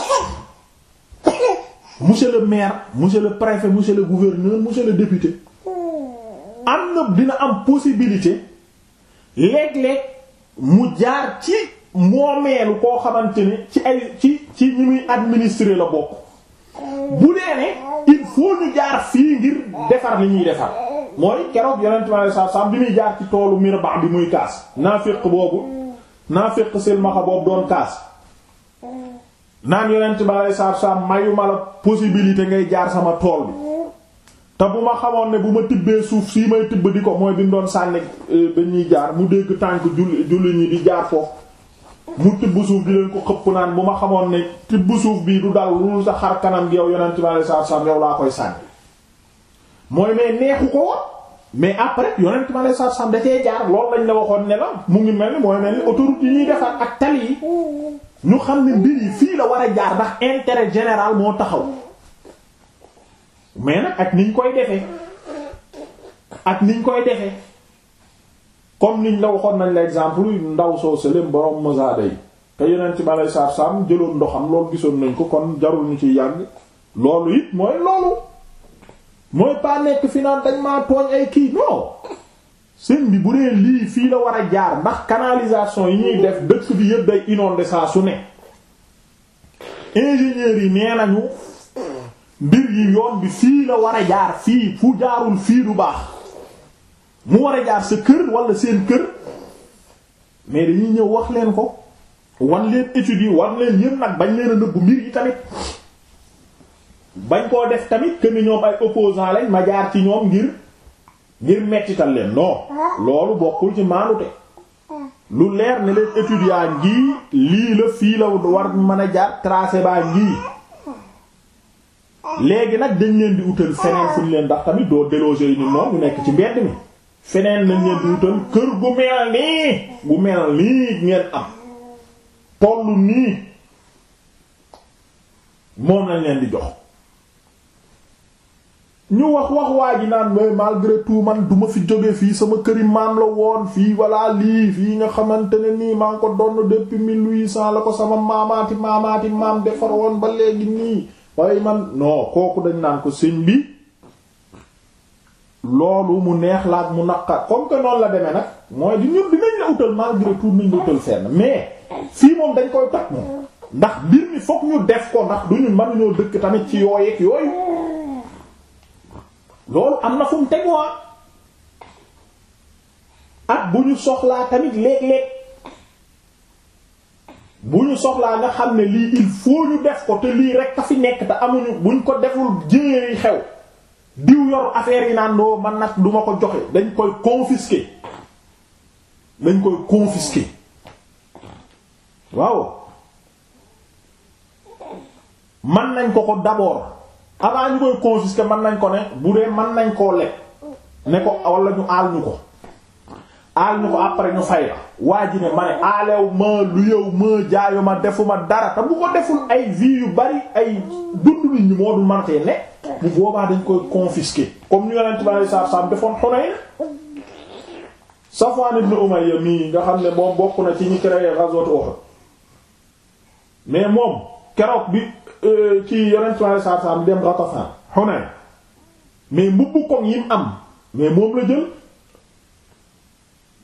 monsieur le maire monsieur le préfet monsieur le gouverneur monsieur le député am na dina am possibilité léeg-léeg mu jaar ci moomeelu koo xamante ni ci ay ci ci ñi muy administrer la bokk bu dee ne il ñu jaar fii ngir defar li ñuy defar mooy keroog yonent mi saa saa bi muy jaar ci toolu mirba bi muy kaas naafiq boobu naafiq silmaxa boobu doon kaas naan yonent mi saa saa mayuma la possibilité ngay jaar sama tool bi te bu ma xamoon ne bu ma tibbee suuf si may tibb di ko mooy bi doon sànni euh, ba ñuy jaar mu dégg tànk julli julli ñi di jaar foofu. mu tibb suuf di leen ko xëpp naan bu ma xamoon ne tibb suuf bii du dal lu sa xar kanam gi yow yonent bi alayhi salaatu salaam yow laa koy sànni mooy mais neexu ko woon mais après yonent bi alayhi salaatu salaam da cee jaar loolu lañ la waxoon ne la mu ngi mel ni mooy mel ni autoroute yi ñuy defar ak tali yi ñu xam ne mbir yi fii la war a jaar ndax intérêt général moo taxaw mais nag ak niñ koy defee ak niñ koy defee. comme niñ la waxoon nañ la exemple ndaw soo sëlëm borom mosaada yi te yeneen ci malay saar saam jëloon ndoxam loolu gisoon nañ ko kon jarul ñu ci yàgg loolu it mooy loolu mooy pas nekk fi naan dañ maa tooñ ay kii non seen bi bu dee lii fii la war a jaar ndax canalisation yi ñuy def dëkk bi yëpp day inondé saa su ne ingénieurs yi nee nañu mbir yi yoon bi fii la war a jaar fii fu jaarul fii du baax mu war a jaar sa kër wala seen kër mais dañuy ñëw wax leen ko wan leen études yi wan leen yépp nag bañ leen a nëbbu mbir yi tamit bañ koo def tamit que ni ñoom ay opposants lañ ma jaar ci ñoom ngir ngir mettital leen non loolu bokkul ci maanute lu leer ne leen étudiant ngii lii la fii la war mën a jaar tracé baa ngii léegi nag dañ leen di utal feneen fu leen ndax tamit doo déloger yi ni noonu ñu nekk ci mbedd mi feneen nañ leen wutal kër gu mel nii gu mel nii ngeen am tollu nii moom lañ leen di jox ñu wax wax waa ji naan mooy malgré man duma fi jóge fii sama këri maam la woon fii walla lii fii nga xamante ne nii maa ngi ko donn depuis mille huit cent la ko sama maamaati maamaati maam defar ba léegi nii waaye man non kooku dañ naan ko sëñ bi loolu mu neex la mu naqar comme que noonu la demee nag mooy di ñun dinañ la utal malgré tout nañ la utal fenn mais fii moom dañ koy toj moom ndax mbir mi fokk ñu def ko ndax duñu mën ñoo dëkk tamit ci yooyeeg yooyu loolu am na fu mu teg waa ah. ak ñu soxlaa tamit léeg-léeg bu ñu soxlaa nga xam ne lii il faut ñu def ko te lii rek a fi nekk te amuñu buñ ko deful jéeyi xew diw yor affaire yi naan doo man nag duma ko joxe dañ koy confisquer dañ koy confisquer waaw mën nañ ko ko d'abord avant ñu koy confisquer mën nañ ko ne bu dee mën nañ koo lekk ne ko wala ñu aal ñu ko aal ñu ko après ñu fay la waa ji ma ne aalew ma lu ma jaayu ma defuma dara te bu ko deful ay vie yu bari ay dund nit ñi moo dul mantee ne bu boobaa dañ koy confisquer comme ñu yonent bi alayhi salaatu salaam defoon Hunayn nga xam ne moom bokk na ci ñi créé mais moom keroog bi euh, ci yonent bi alayhi salaatu salaam koŋ yi mu am mais moom la jël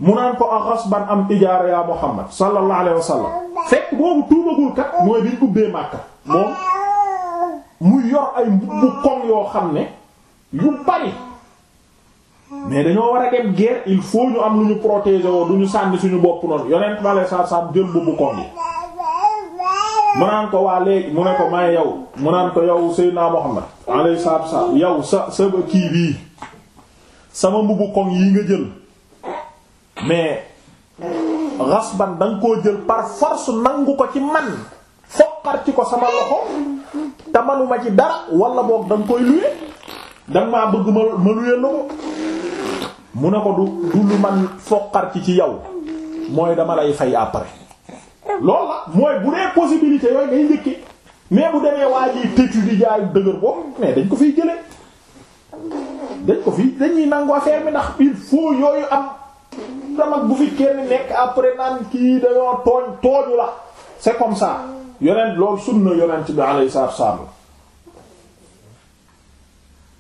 munaan ko ak ban am ijaara ya Muhammad sallallahu alayhi wa sallam fekk boobu tuubagul kat mooy biñ ubbee Makka moom mu yor ay mbubbu koŋ yoo xam ne yu bari mais dañoo war a dem guerre il faut ñu am lu ñu protéger woo du ñu sànni suñu bopp noonu yonent bale saa saam jël mbubbu koŋ ko waa léegi mu ko may yow mu naan ko yow Seydina Muhammad alayhi salaatu wa salaam sa sa kii bii sama mbubbu koŋ yi nga jël mais xasban da koo jël par force nangu ko ci man foqar ci ko sama loxo te manuma ci dara wala boog da nga koy luye da nga maa bëgg ma ma luye ko mu ne ko du du lu man foqar ci ci yow mooy dama lay fay après loolu la mooy bu dee possibilité yooyu day njëkki mais bu demee waa ji tëccu di jaay dëgër boobu mais dañ ko fiy jëlee dañ ko fii dañuy nangu affaire bi ndax il faut yooyu am ndax bu fi kenn nekk après naan kii dañoo tooñ tooñu la c'est comme ça yonent loolu sunna yonent bi alayhi salaatu wassalaam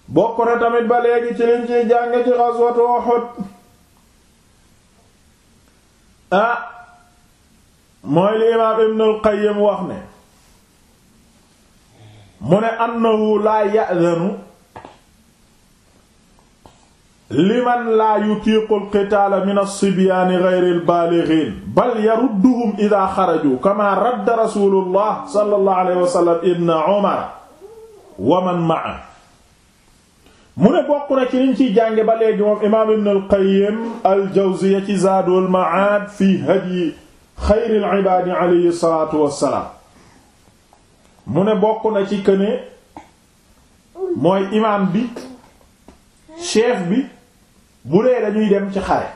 bokk na tamit ba léegi ci liñ ciy jàng ci ghazwatu Uhud ah mooy li imaam Ibn al-Qayyim wax ne mu ne annahu laa ya'zanu liman laa yutiiqu alqitaala min alsibyaani geyri albaaligiin bal yarudduhum ida xaraju kama radda rasulullah sallallahu alayhi wa sallam ibn umar wa man ma'a mu ne bokk na ci liñ ciy jànge ba léegi moom imaam ibn alqayim aljawziya ci zaadul ma'aad fi hadyi xeyri alibaadi alayhi salaatu wassalaam mu ne bokk na ci këne mooy imaam bi chef bi bu dee dañuy dem ci xare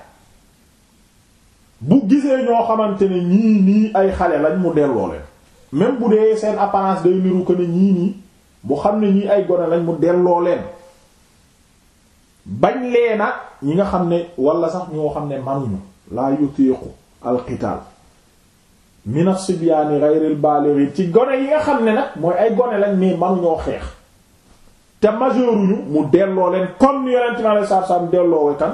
bu gisee ñoo xamante ne ñii nii ay xale lañ mu delloo leen même bu dee seen apparence day niru ko ne ñii nii bu xam ne ñii ay gone lañ mu delloo leen bañ leena ñi nga xam ne wala sax ñoo xam ne manuñu laa yutiiqu alqital min as-sibyaani ghayril baalighi ci gone yi nga xam ne nag mooy ay gone lañ mais manuñoo xeex te majooruñu mu delloo leen comme ni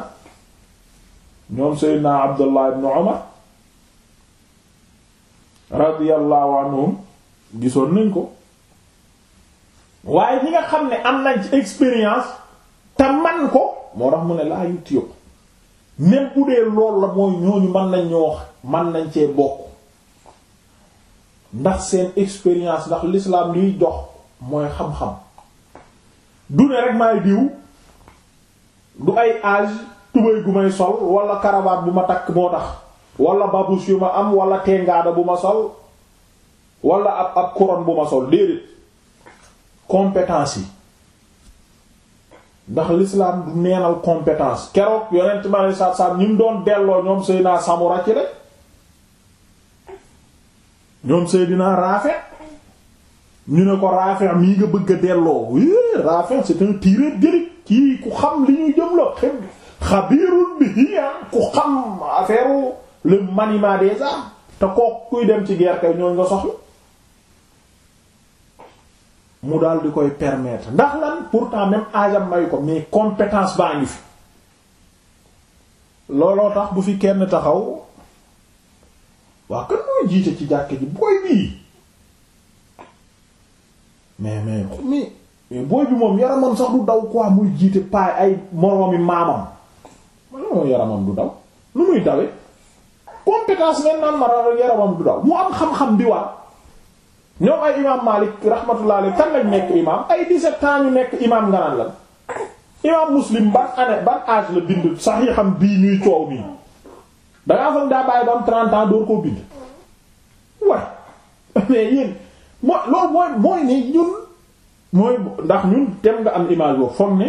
ñoom seydina abdullah ibn umar radiyallahu anhum nañ ko waaye ñi nga xam ne am nañ ci expérience te man ko moo rax mu ne laa yutti yokk même bu dee lool la mooy ñooñu mën nañ ñoo wax mën nañ cee bokk ndax seen expérience ndax l'islam liy jox mooy xam-xam du ne rek maay diw du ay âge tubéy gu may sol wala karawaat bu ma takk moo tax wala babus yu ma am wala tengaada bu ma sol wala ab ab couronne bu ma sol déedéet compétence yi ndax l'islam du neenal compétence keroog yonent ma ne saab saab ñi mu doon delloo ñoom Seydina Samura ci rek ñoom Seydina Raafe ñu ne ko Rafi' mii nga bëgg a delloo Rafi' c'est un tireur d'élite kii ku xam li ñuy jëm la xeb xabirun bihi ah, ku xam affaire le maniement des armes te kook kuy dem ci gerte kay ñooñ nga soxla mu daal di koy permettre ndax lan pourtant même agam may ko mais compétence baa ngi fi looloo tax bu fi kenn taxaw waa kan mooy jiite ci jàkk ji booy bii mais mais mais booy bi moom yaramam sax du daw quoi muy jiite paay ay moroomi maamam man moom yaramam du daw mu am xam-xam bi waa ñoom ay imaam Malik rahmatullah alayhi kan lañ nekk imaam ay 17 ans ñu nekk imaam nga naan la imaam Muslim ban année ban âge la bind saxiixam bii ñuy coow nii da ngaa foog daa bàyyi ba am 30 ans koo bind waaye mooy loolu mooy mooy ne ñun mooy ndax ñun dem nga am image boobu foog ne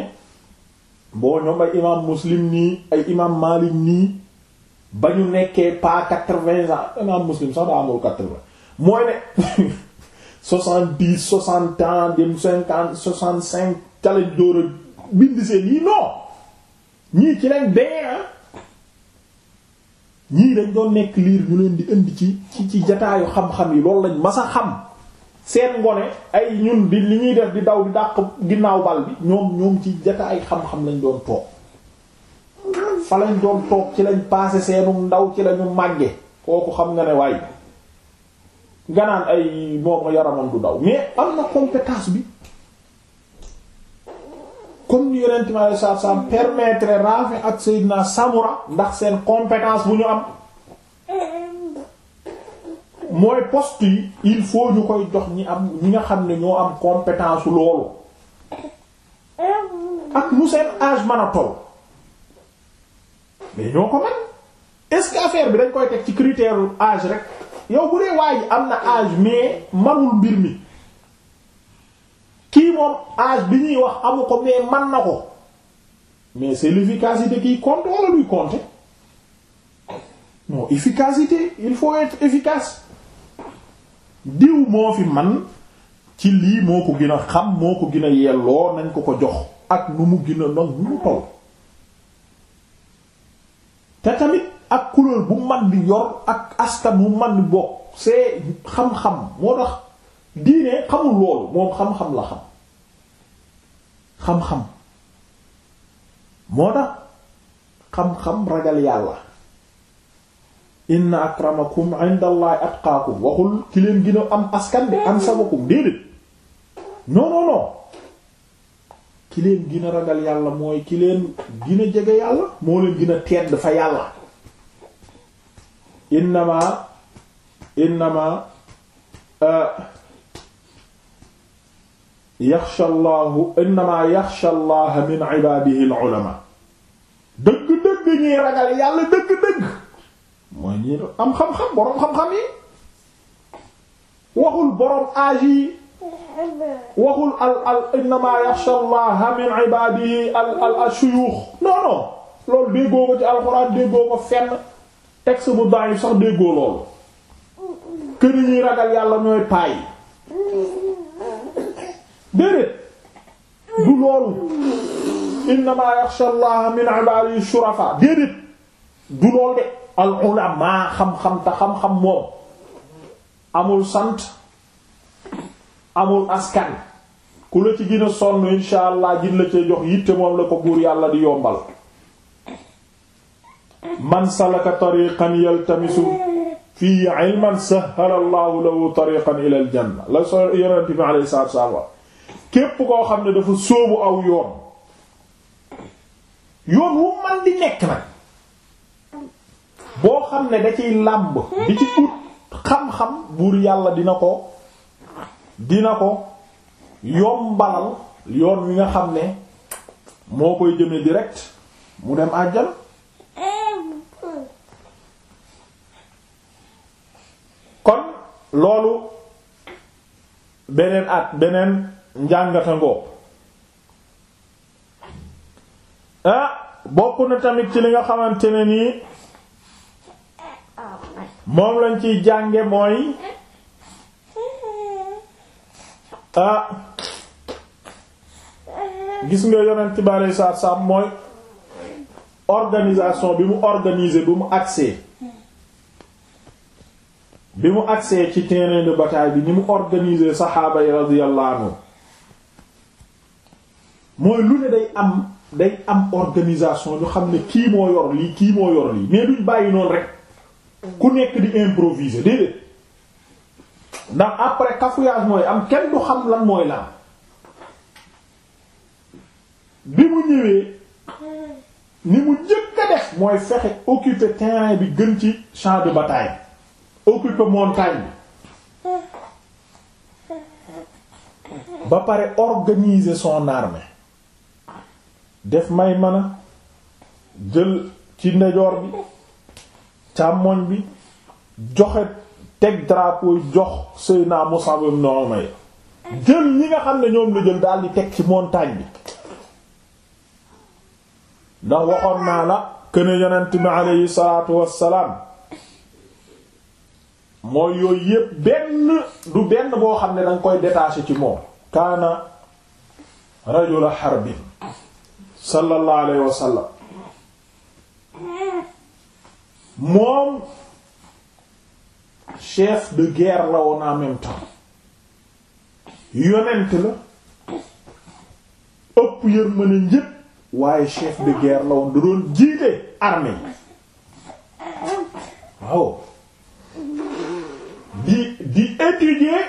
boo ñoom ay imam muslim nii ay imam Maalik nii ba ñu nekkee pas quatre-vingts ans imam muslim sax daa amul quatre-vingts mooy ne soixante-dix soixante ans soixante-cinq calen a bind seen yi non ñii ci lañ bee ah ñii dañ doon nekk liir ñu leen di indi ci ci jataayu xam-xam yi loolu lañ mas a xam seen ngone ay ñun bi li ñuy def di daw di dàq ginnaaw bal bi ñoom ñoom ci jataay xam-xam lañ doon toog fa lañ doon toog ci lañ passé seenum ndaw ci lañu màgge kooku xam nga ne waaye nga naan ay moom yaramam du daw mais am na compétence bi comme ni yonent mi alayhi salaatu salaam permettre Raafi ak Seydina Samura ndax seen compétence bu ñu am mooy poste yi il faut ñu koy jox ñi am ñi nga xam ne ñoo am compétence loolu ak nu seen âge mën a toll mais ñoo ko mën est-ce que affaire bi dañ koy teg ci critère âge rek yow bu dee waa ji am na âge mais manul mbir mi kii moom âge bi ñuy wax amu ko mais man na ko mais c'est l'efficacité qui compte wala luy compter non efficacité il faut être efficace diw moo fi man ci lii moo ko gën a xam moo ko gën yelloo nañ ko ko jox ak nu mu gën a nag nu mu toll te tamit ak couleur bu man di yor ak askan bu man di bokk c'est xam-xam moo tax diine xamul loolu moom xam-xam la xam xam-xam moo tax xam-xam ragal yàlla inna akramakum inda allahi atqaakum waxul ki leen gën a am askan bi am sabakum déedéet non non non ki leen gën a ragal yàlla mooy ki leen gën a jege yàlla moo leen gën a tedd fa yàlla innama innama euh, yaxsha allahu innama yaxsha allaha min ibadihi al ulama dëgg-dëgg ñi ragal yàlla dëgg-dëgg mooy ñi am xam-xam boroom xam-xam yi waxul boroom âge waxul al al innama yaxsha allah min ibadihi al al al shuyukh non non déggoo ko ci alxuraan déggoo ko fenn texte bu daañu sax déggoo loolu kër ragal yàlla ñooy paay déedéet du loolu innama yaxsha allah min ibadihi shurafa déedéet du loolu de al ulama xam-xam te xam-xam moom amul sant amul askan ku la ci gën a sonn insha allah gin jox yitte moom la ko buur yàlla di yombal man salaka tariqan yaltamisu fii ilman sahhala allahu lahu tariqan ila képp koo xam ne dafa sóobu aw yoon yoon wu man di nekk nag boo xam ne da ciy làmb di ci ut xam-xam buur yàlla dina ko dina ko yombalal yoon wi nga xam ne moo koy jëme direct mu dem àjjal kon loolu beneen at beneen njàngata ngoo ah bokk na tamit ci li nga xamante ne nii moom lañ ciy jànge mooy ah gis nga yonent bi aleyhi salaatu salaam mooy organisation bi mu organiser bi mu agsee bi mu agsee ci terrain de bataille bi ni mu organiser saxaaba yi radiyallahu anhu mooy lu ne day am day am organisation ñu xam ne kii moo yor lii kii moo yor lii mais duñ bàyyi noonu rek ku nekk di improviser déedéet ndax après cafouillage mooy am kenn du xam lan mooy lan bi mu ñëwee ni mu njëkk a def mooy fexe occuper terrain bi gën ci champ de bataille occuper montagne bi ba pare organiser son armée def may mën a jël ci ndejoor bi càmmoñ bi joxe teg drapeau jox Seydina Musab ibn Umayr jël ñi nga xam ne ñoom lu jël daal di teg ci montagne bi ndax waxoon naa la këne yonent bi aleyhi salaatu wassalaam mooy yooyu yépp benn du benn boo xam ne danga koy détaché ci moom kaana rajula harbin sallallahu alayhi wa moom chef de guerre la woon en même temps yonent la ëpp yërmande ñépp waaye chef de guerre la woon da doon jiite armée waaw di di étudier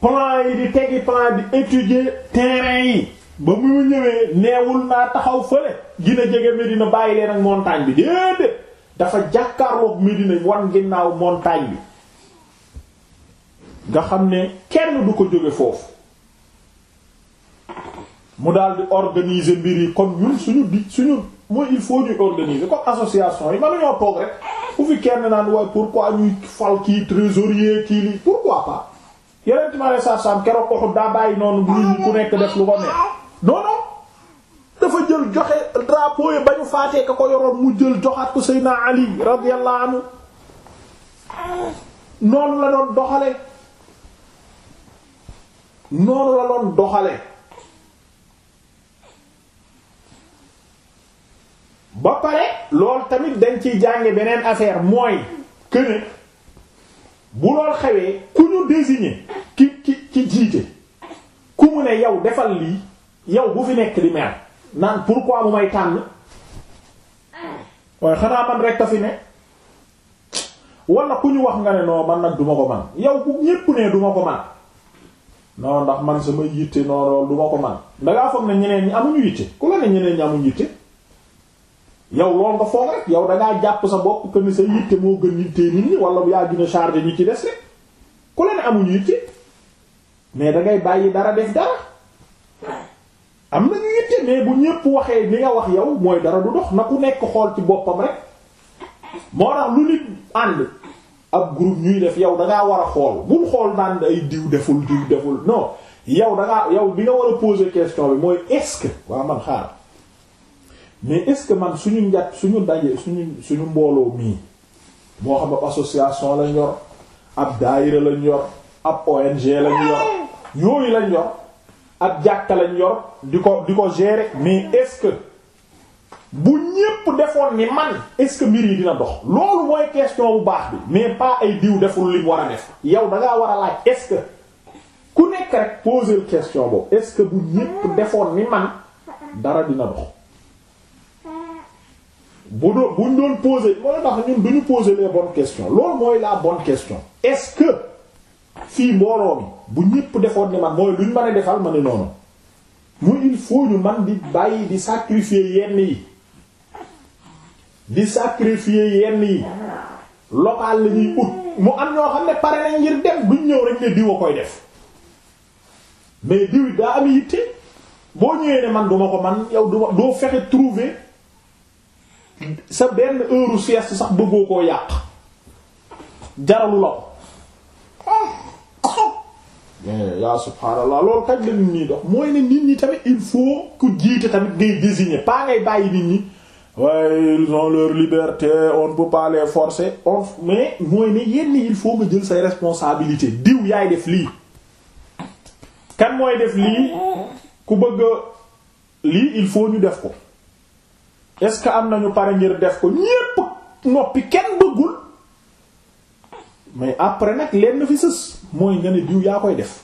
plan yi di tegi plan di étudier terrain yi ba mu ñëwee neewul naa taxaw fële gina jege Medina bàyyi leen ak montagne bi déedéet dafa jàkkaarloog Medina wan ginnaaw montagne bi nga xam ne kenn du ko jóge foofu mu daal di organiser mbir yi kon ñun suñu di suñu mooy il faut ñuy organiser comme association yi mënuñoo toog rek ku fi kenn naan waaye pourquoi ñuy fal kii trésorier kii lii pourquoi pas yeneen i ma ne sax sànq keroog waxut daa bàyyi noonu bu ku nekk def lu ko neex. non dafa jël joxe drapeau ba ñu faatee ka ko yoroon mu jël joxaat ko Seydina Ali radiyallahu anhu noonu la doon doxale noonu la doon doxale ba pare loolu tamit dañ ciy jànge beneen affaire mooy que ne bu lool xewee ku ñu désigner ki ki ki jiite ku mu ne yow defal lii yow bu fi nekk di mer naan pourquoi mu may tànn waaye xanaa man rek a fi ne wala ku ñu wax nga ne non man nag duma ko man yow ku ñépp ne duma ko man non ndax man sama yitte non loolu duma ko man dangaa foog ne ñeneen ñi amuñu yitte ku la ne ñeneen ñi amuñu yitte yow loolu nga foog rek yow dangaa jàpp sa bopp que ni sa yitte moo gën yitte nit ñi wala yaa gën a chargé ñu ci des rek ku la ne amuñu yitte mais dangay bàyyi dara def dara. am na ñu yitte mais bu ñépp waxee li nga wax yow mooy dara du dox na ku nekk xool ci boppam rek moo tax lu nit ànd ab groupe ñuy def yow da war a xool bul xool naan ay diw deful diw deful non yow da ngaa yow bi nga war a poser question bi mooy est waa que waaw man xaar mais est-ce que man suñu njat suñu daje suñu suñu mbooloo mii moo xam ab association lañ yor ab daayira lañ yor ab ONG lañ yor yooyu lañ yor. ak jàkka lañ yor di ko di ko gérer mais est-ce que bu ñépp defoon ni man est-ce mbir yi dina dox loolu mooy question bu baax bi mais pas ay diw deful li war a def yow da ngaa war a laaj est-ce que ku nekk rek poser question boobu est-ce que bu ñépp defoon ni man dara dina dox bu doon buñ doon poser wala ndax les bonnes questions mooy la bon question est-ce fii mbooloo bu ñépp defoon ni man mooy luñ mën a defal mane ne noonu mu il faut ñu man di bàyyi di sacrifier yenn yi di sacrifier yenn yi local la ñuy ut mu am ñoo xam ne pare nañ ngir dem buñ ñëw rek ne diw a koy def mais diw daa am yitte boo ñëwee ne man duma ko man yow duma doo fexe trouver sa benn heure sieste sax bëggoo koo yàq jaralu la ko mais eh, yaa subhaanallah loolu taj la nit dox mooy ne nit ñi tamit il faut ku jiite tamit ngay désigner pas ngay bàyyi nit ñi waaye ils ont leur liberté on ne peut pas les forcer on mais mooy ne yenn il faut nga jël say responsabilité diw yaay def lii kan mooy def lii ku bëgg lii il faut ñu def ko est-ce que am nañu pare ngir def ko ñépp noppi kenn bëggul mais après nag lenn fi sës mooy nga ne diw yaa koy def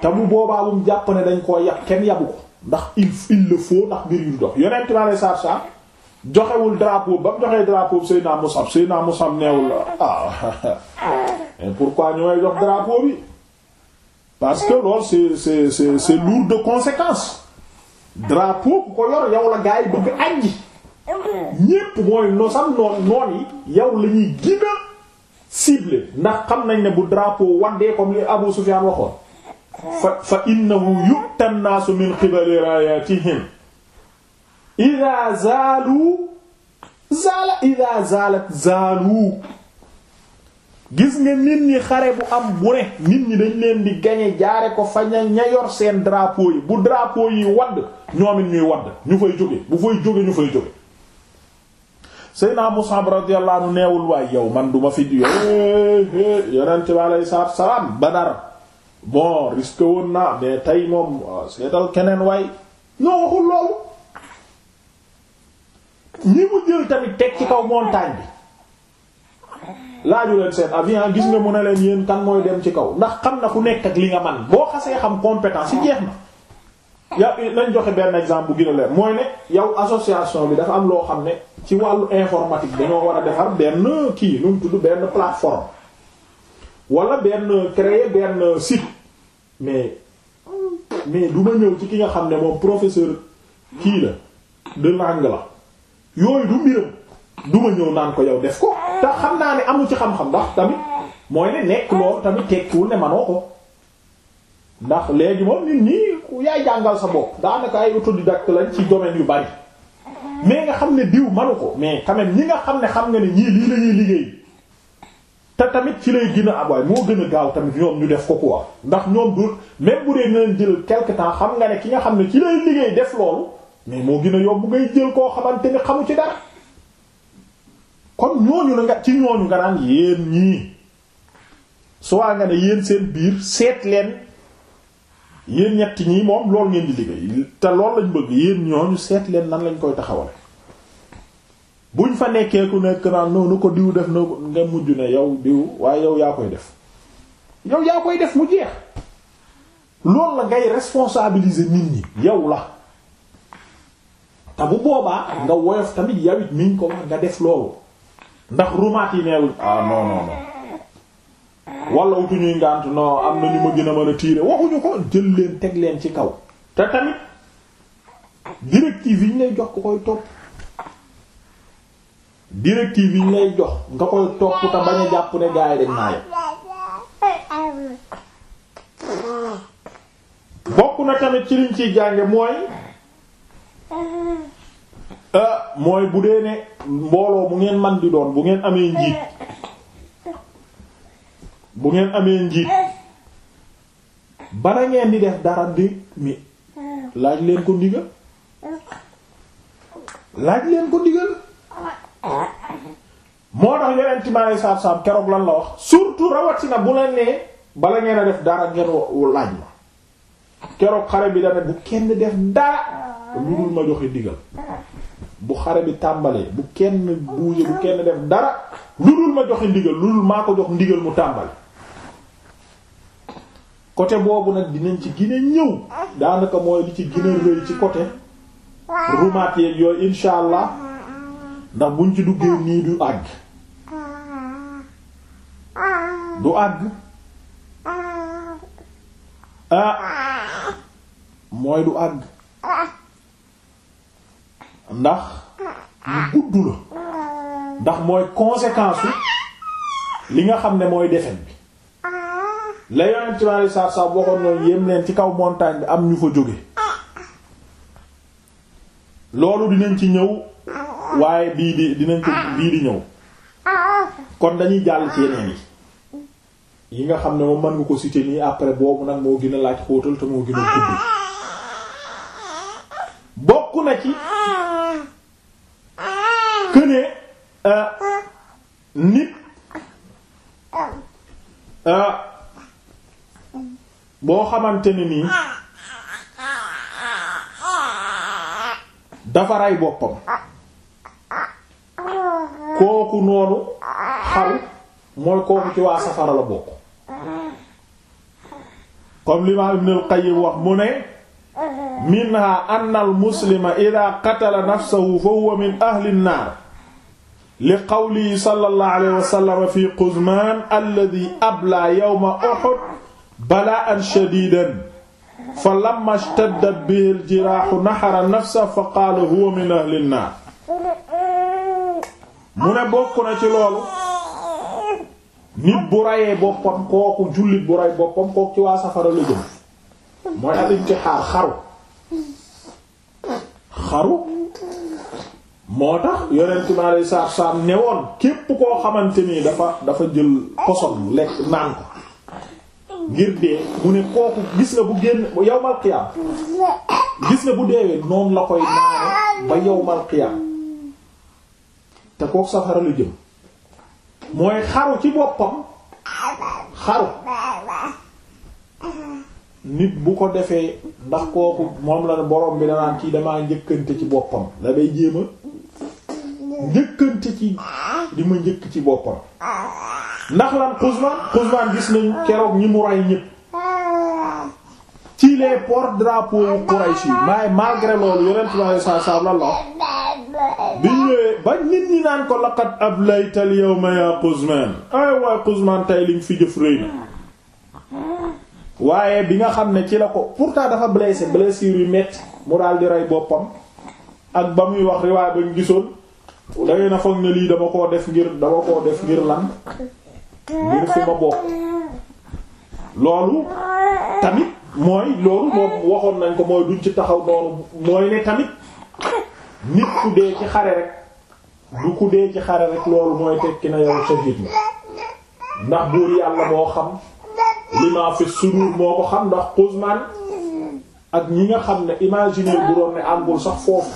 te bu boobaa bu mu jàpp ne dañ koo yab kenn yabu ko ndax il il le faut ndax mbir yu dox yonent ma lay saab saab joxewul drapeau ba mu joxee drapeau bi Seydina Musab Seydina Musab neewul ah mais pourquoi ñu may jox drapeau bi parce que loolu c'est c'est c'est c'est lourd de conséquences drapeau ku ko yor yow la gaa yi bëgg añji ñépp mooy nosam noon noon yi yow la gina ciblé ndax xam nañ ne bu drapeau wandee comme li Abu Sufyan waxoon fa fa innahu yu'ta an-naasu min qibali rayatihim idha zaalu zaala idha zaalat zaalu gis nga nit ñi xare bu am bu ne nit ñi dañ leen di gañe jaare ko fa ña ña yor seen drapeau yi bu drapeau yi wadd ñoom ñuy wadd ñu fay jóge bu fay jóge ñu fay jóge Seydina Mus'ab radiyallahu anhu neewul waay yow man du ma fi di yonent bi alayhi salaatu salaam Badar bon risque woon na mais tey moom seetal keneen waay ñoo waxul loolu ñi mu jël tamit teg ci kaw montagne bi laaju leen seen avion gis nga mu ne leen yéen kan mooy dem ci kaw ndax xam na ku nekk ak li nga man boo xasee xam compétence yi jeex na ya nañ joxe benn exemple bu gën leer mooy ne yow association bi dafa am loo xam ne ci wàllu informatique dañoo war a defar benn kii nu mu tudd benn plateforme wala benn créer benn sit mais mais du ma ñëw ci ki nga xam ne moom professeur kii la de langue la yooyu du mbiram du ñëw naan ko yow def ko te xam naa ne amu ci xam-xam ndax tamit mooy ne nekk loolu tamit tekkiwul ne manoo ko ndax léegi moom nit ñi yaay jàngal sa bopp daanaka ay autodidacte lañ ci domaine yu bari mais nga xam ne diw manu ko mais quand ñi nga xam ne xam nga ne ñii lii lañuy liggéey te tamit ci lay gën a abwaay moo gën a gaaw tamit ñoom ñu def ko quoi ndax ñoom du même bu dee nañ jël quelque temps xam nga ne ki nga xam ne ci lay liggéey def loolu mais moo gina a yóbbu ngay jël koo xamante ni xamu ci dara kon ñooñu la nga ci ñooñu nga naan yéen ñii yéen seen biir seet leen. yéen ñetti ñii moom loolu ngeen di liggéey te loolu lañ bëgg yéen ñooñu seet leen nan lañ koy bu ñu fa nekkee ku nekk naan noonu ko diw def na nga mujj ne yow diw waaye yow yaa koy def yow yaa koy def mu jeex loolu la ngay responsabiliser nit ñi yow la te bu boobaa nga woyof tamit yawit miñ ko wax nga def loolu ndax rumaat yi neewul ah non non wala wutu ñuy ngànt non am na ñu ma gën a mën a tiire waxuñu ko jël leen teg leen ci kaw te tamit directive yi ñu lay jox ku koy topp directive yi ñu lay jox nga koy topp te bañ jàpp ne gars yi naa yëpp bokk na tamit ci liñ ciy jànge mooy euh, mooy bu dee ne mbooloo bu ngeen man di doon bu ngeen amee njiit bu ngeen amee njiit bana ngeen di def dara di mi laaj leen ko ndigal laaj leen ko ndigal moo tax yeneen ci maa ngi saab keroog lan la wax surtout rawatina bu la nee bala ngeen a def dara ngeen wa laaj ma keroog xare bi dana bu kenn def dara lu dul ma joxe xare bi tàmbalee bu kenn buuje bu kenn def dara ma joxe ndigal lu dul maa ko jox ndigal mu tàmbali côté boobu nag dinañ ci gine ñëw daanaka mooy li ci gine rëy ci côté rumaat yeeg yooyu insha allah ndax buñ ci duggee nii du àgg du àgg ah mooy du àgg ndax mu gudd la ndax mooy conséquence li nga xam ne mooy defen bi la yonent bi alei satu salaam waxoon yem leen ci kaw montagne bi am ñu fa jóge loolu dinañ ci ñëw waaye bii di dinañ ko bii di ñëw kon dañuy jàll ci yeneen yi yi nga xam ne moom mën nga ko citer nii après boobu nag moo gën a laaj xóotal te moo gën a gudd bokk na ci këne euh, nit euh, boo xamante ne nii dafa rey boppam kooku noonu xaru mooy kooku ci waa safara la bokk comme l'imam Ibn al wax mu ne minha anna al-muslima idha qatala fa huwa min ahli an li qawlihi sallallahu alayhi wa fi Quzman alladhi abla yawma Uhud balaan shadidan fa lamma ishtaddat bihi al-jiraahu nahara fa qaala huwa min ahli an-naar mu ne bokk na ci loolu nit bu rayee boppam kooku jullit bu ray boppam kooku ci waa safara la jëm mooy al-intixaar xaru xaru moo tax yonent bi alayhi salaatu salaam ne képp koo xamante nii dafa dafa jël poson lekk naan ko ngir dee mu ne kooku gis nga bu génn yawmal qiyaam gis nga bu deewee noonu la koy naane ba yawmal qiyaam te kooku safara jëm mooy xaru ci boppam xaru nit bu ko defee ndax kooku moom la borom bi danaan kii damaa njëkkante ci boppam da day jéema njëkkante ci di ma njëkk ci boppam ndax lan Quzman Quzman gis nañu keroog ñi mu ray ñëpp ci les porte-drapeaux yu Quraysh maay malgré loolu yeneen tubaab saa saa la la bi ñëwee ba nit ñi naan ko laqad ablayta al-yawma ya Quzman ay waay Quzman tey liñ fi jëf rëy na waaye bi nga xam ne ci la ko pourtant dafa blessé blessure yu metti mu daal di rey boppam ak ba muy wax riwaay ba ñu gisoon dangay na foog ne lii dama koo def ngir dama koo def ngir lan ngir fi loolu tamit mooy loolu moom waxoon nañ ko mooy duñ ci taxaw noonu mooy ne tamit nit ku dee ci xare rek du ku dee ci xare rek loolu mooy tekki na yow shahid na ndax buur yàlla moo xam li ma fi sudur moo ko xam ndax Quzman ak ñi nga xam ne imaginer bu doon ne àggul sax foofu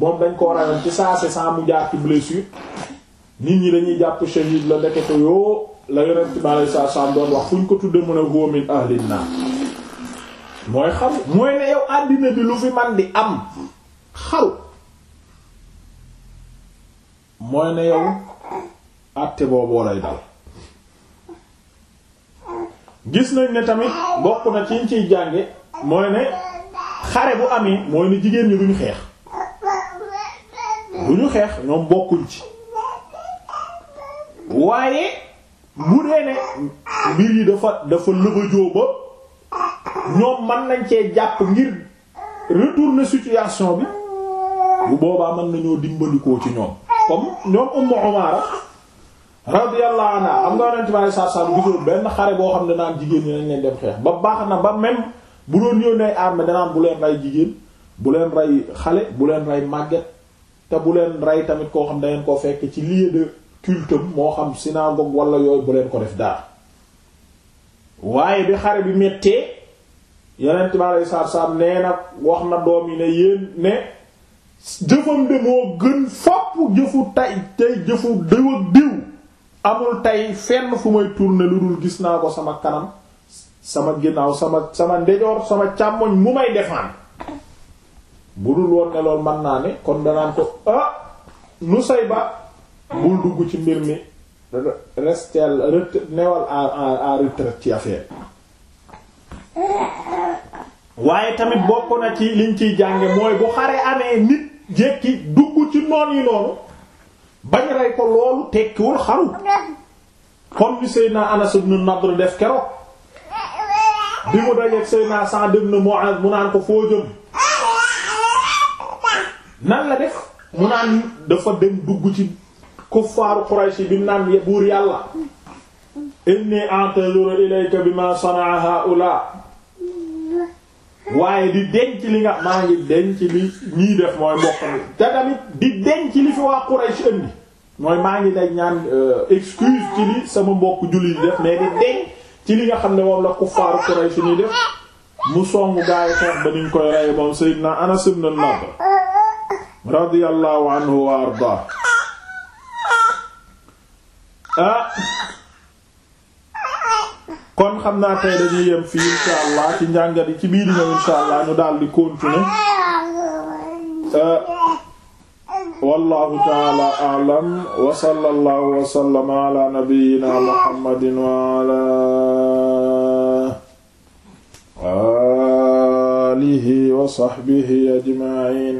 moom dañ ko rayoon ci saa si sans mu jaar ci blessure nit ñi dañuy jàpp shahid la ndekete yoo la yonent bi alayhi salaam doon wax fu ñu ko tudde mën a huwa ahlin naar mooy xaru mooy ne yow àddina bi lu fi man di am xaru mooy ne yow àtte booboo lay dal gis nañ ne tamit bokk na ci ñu ciy jànge mooy ne xare bu amee mooy ne jigéen ñi duñu xeex duñu xeex ñoom bokkuñ ci waaye bu dee ne mbir yi dafa dafa lëbëjoo ba ñoom man nañ cee jàpp ngir na situation bi bu boobaa mën nañoo dimbalikoo ci ñoom comme ñoom Ummu Umara radiyallahu anha am nga yonent bi sallallahu alayhi wasallam gisoon benn xare boo xam ne naan jigéen ñi nañ leen dem xeex ba baax na ba même bu doon yónnee ay armée danaan bu leen rey jigéen bu leen rey xale bu leen rey màgget te bu leen rey tamit koo xam ne dangeen koo fekk ci lieu de cultam moo xam synagogue wala yooyu bu leen ko def dara waaye bi xare bi méttee yeneen bi alei saatu nee na wax na doom yi ne yéen ne jëfam de moo gën fopp jëfu tay tey jëfu dëw diw amul tey fenn fu may tourner lu dul gis naa ko sama kanam sama ginnaaw sama sama ndejoor sama càmmoñ mu may defaan bu dul woon ne loolu mën naa ne kon danaan ko ah Nusayba bul dugg ci mbir mi restel newal à retraite ci affaire waaye tamit bokk na ci liñ ciy jànge mooy bu xare amee nit jekki dugg ci noon yi noonu bañ rey ko loolu tekkiwul xaru comme li Seydina Anas ibn Nadr def keroog bi mu dajeek Seydina Sa'd ibn Mu'adh mu naan ko foo nan la def mu naan dafa dem dugg ci kuffaaru Quraysh bi naan buur yàlla inni antaziru ilayka bima sanaa haula waaye di denc li nga maa ngi denc li ñii def mooy mbokk mi te tamit di denc li fi waa Quraysh indi mooy maa ngi lay ñaan euh, excuse ci li sama mbokk julli def mais di denc ci li nga xam ne moom la kuffaaru Quraysh nii def mu song gaayu xeex ba niñ koy rey moom Seydina Anas ibn Nadr radiyallahu anhu wa ardaa ah kon xam naa tey dañuy yem fii insha allah ci njàngat yi ci biir ñëw insha allah ñu daal di continuer ah. wallahu taala alam wa sallallahu wa sallama ala nabiyyina muhammadin wa ala alihi wa sahbihi ajma'in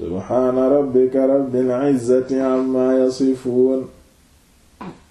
subhana rabbika rabbil izzati amma yasifun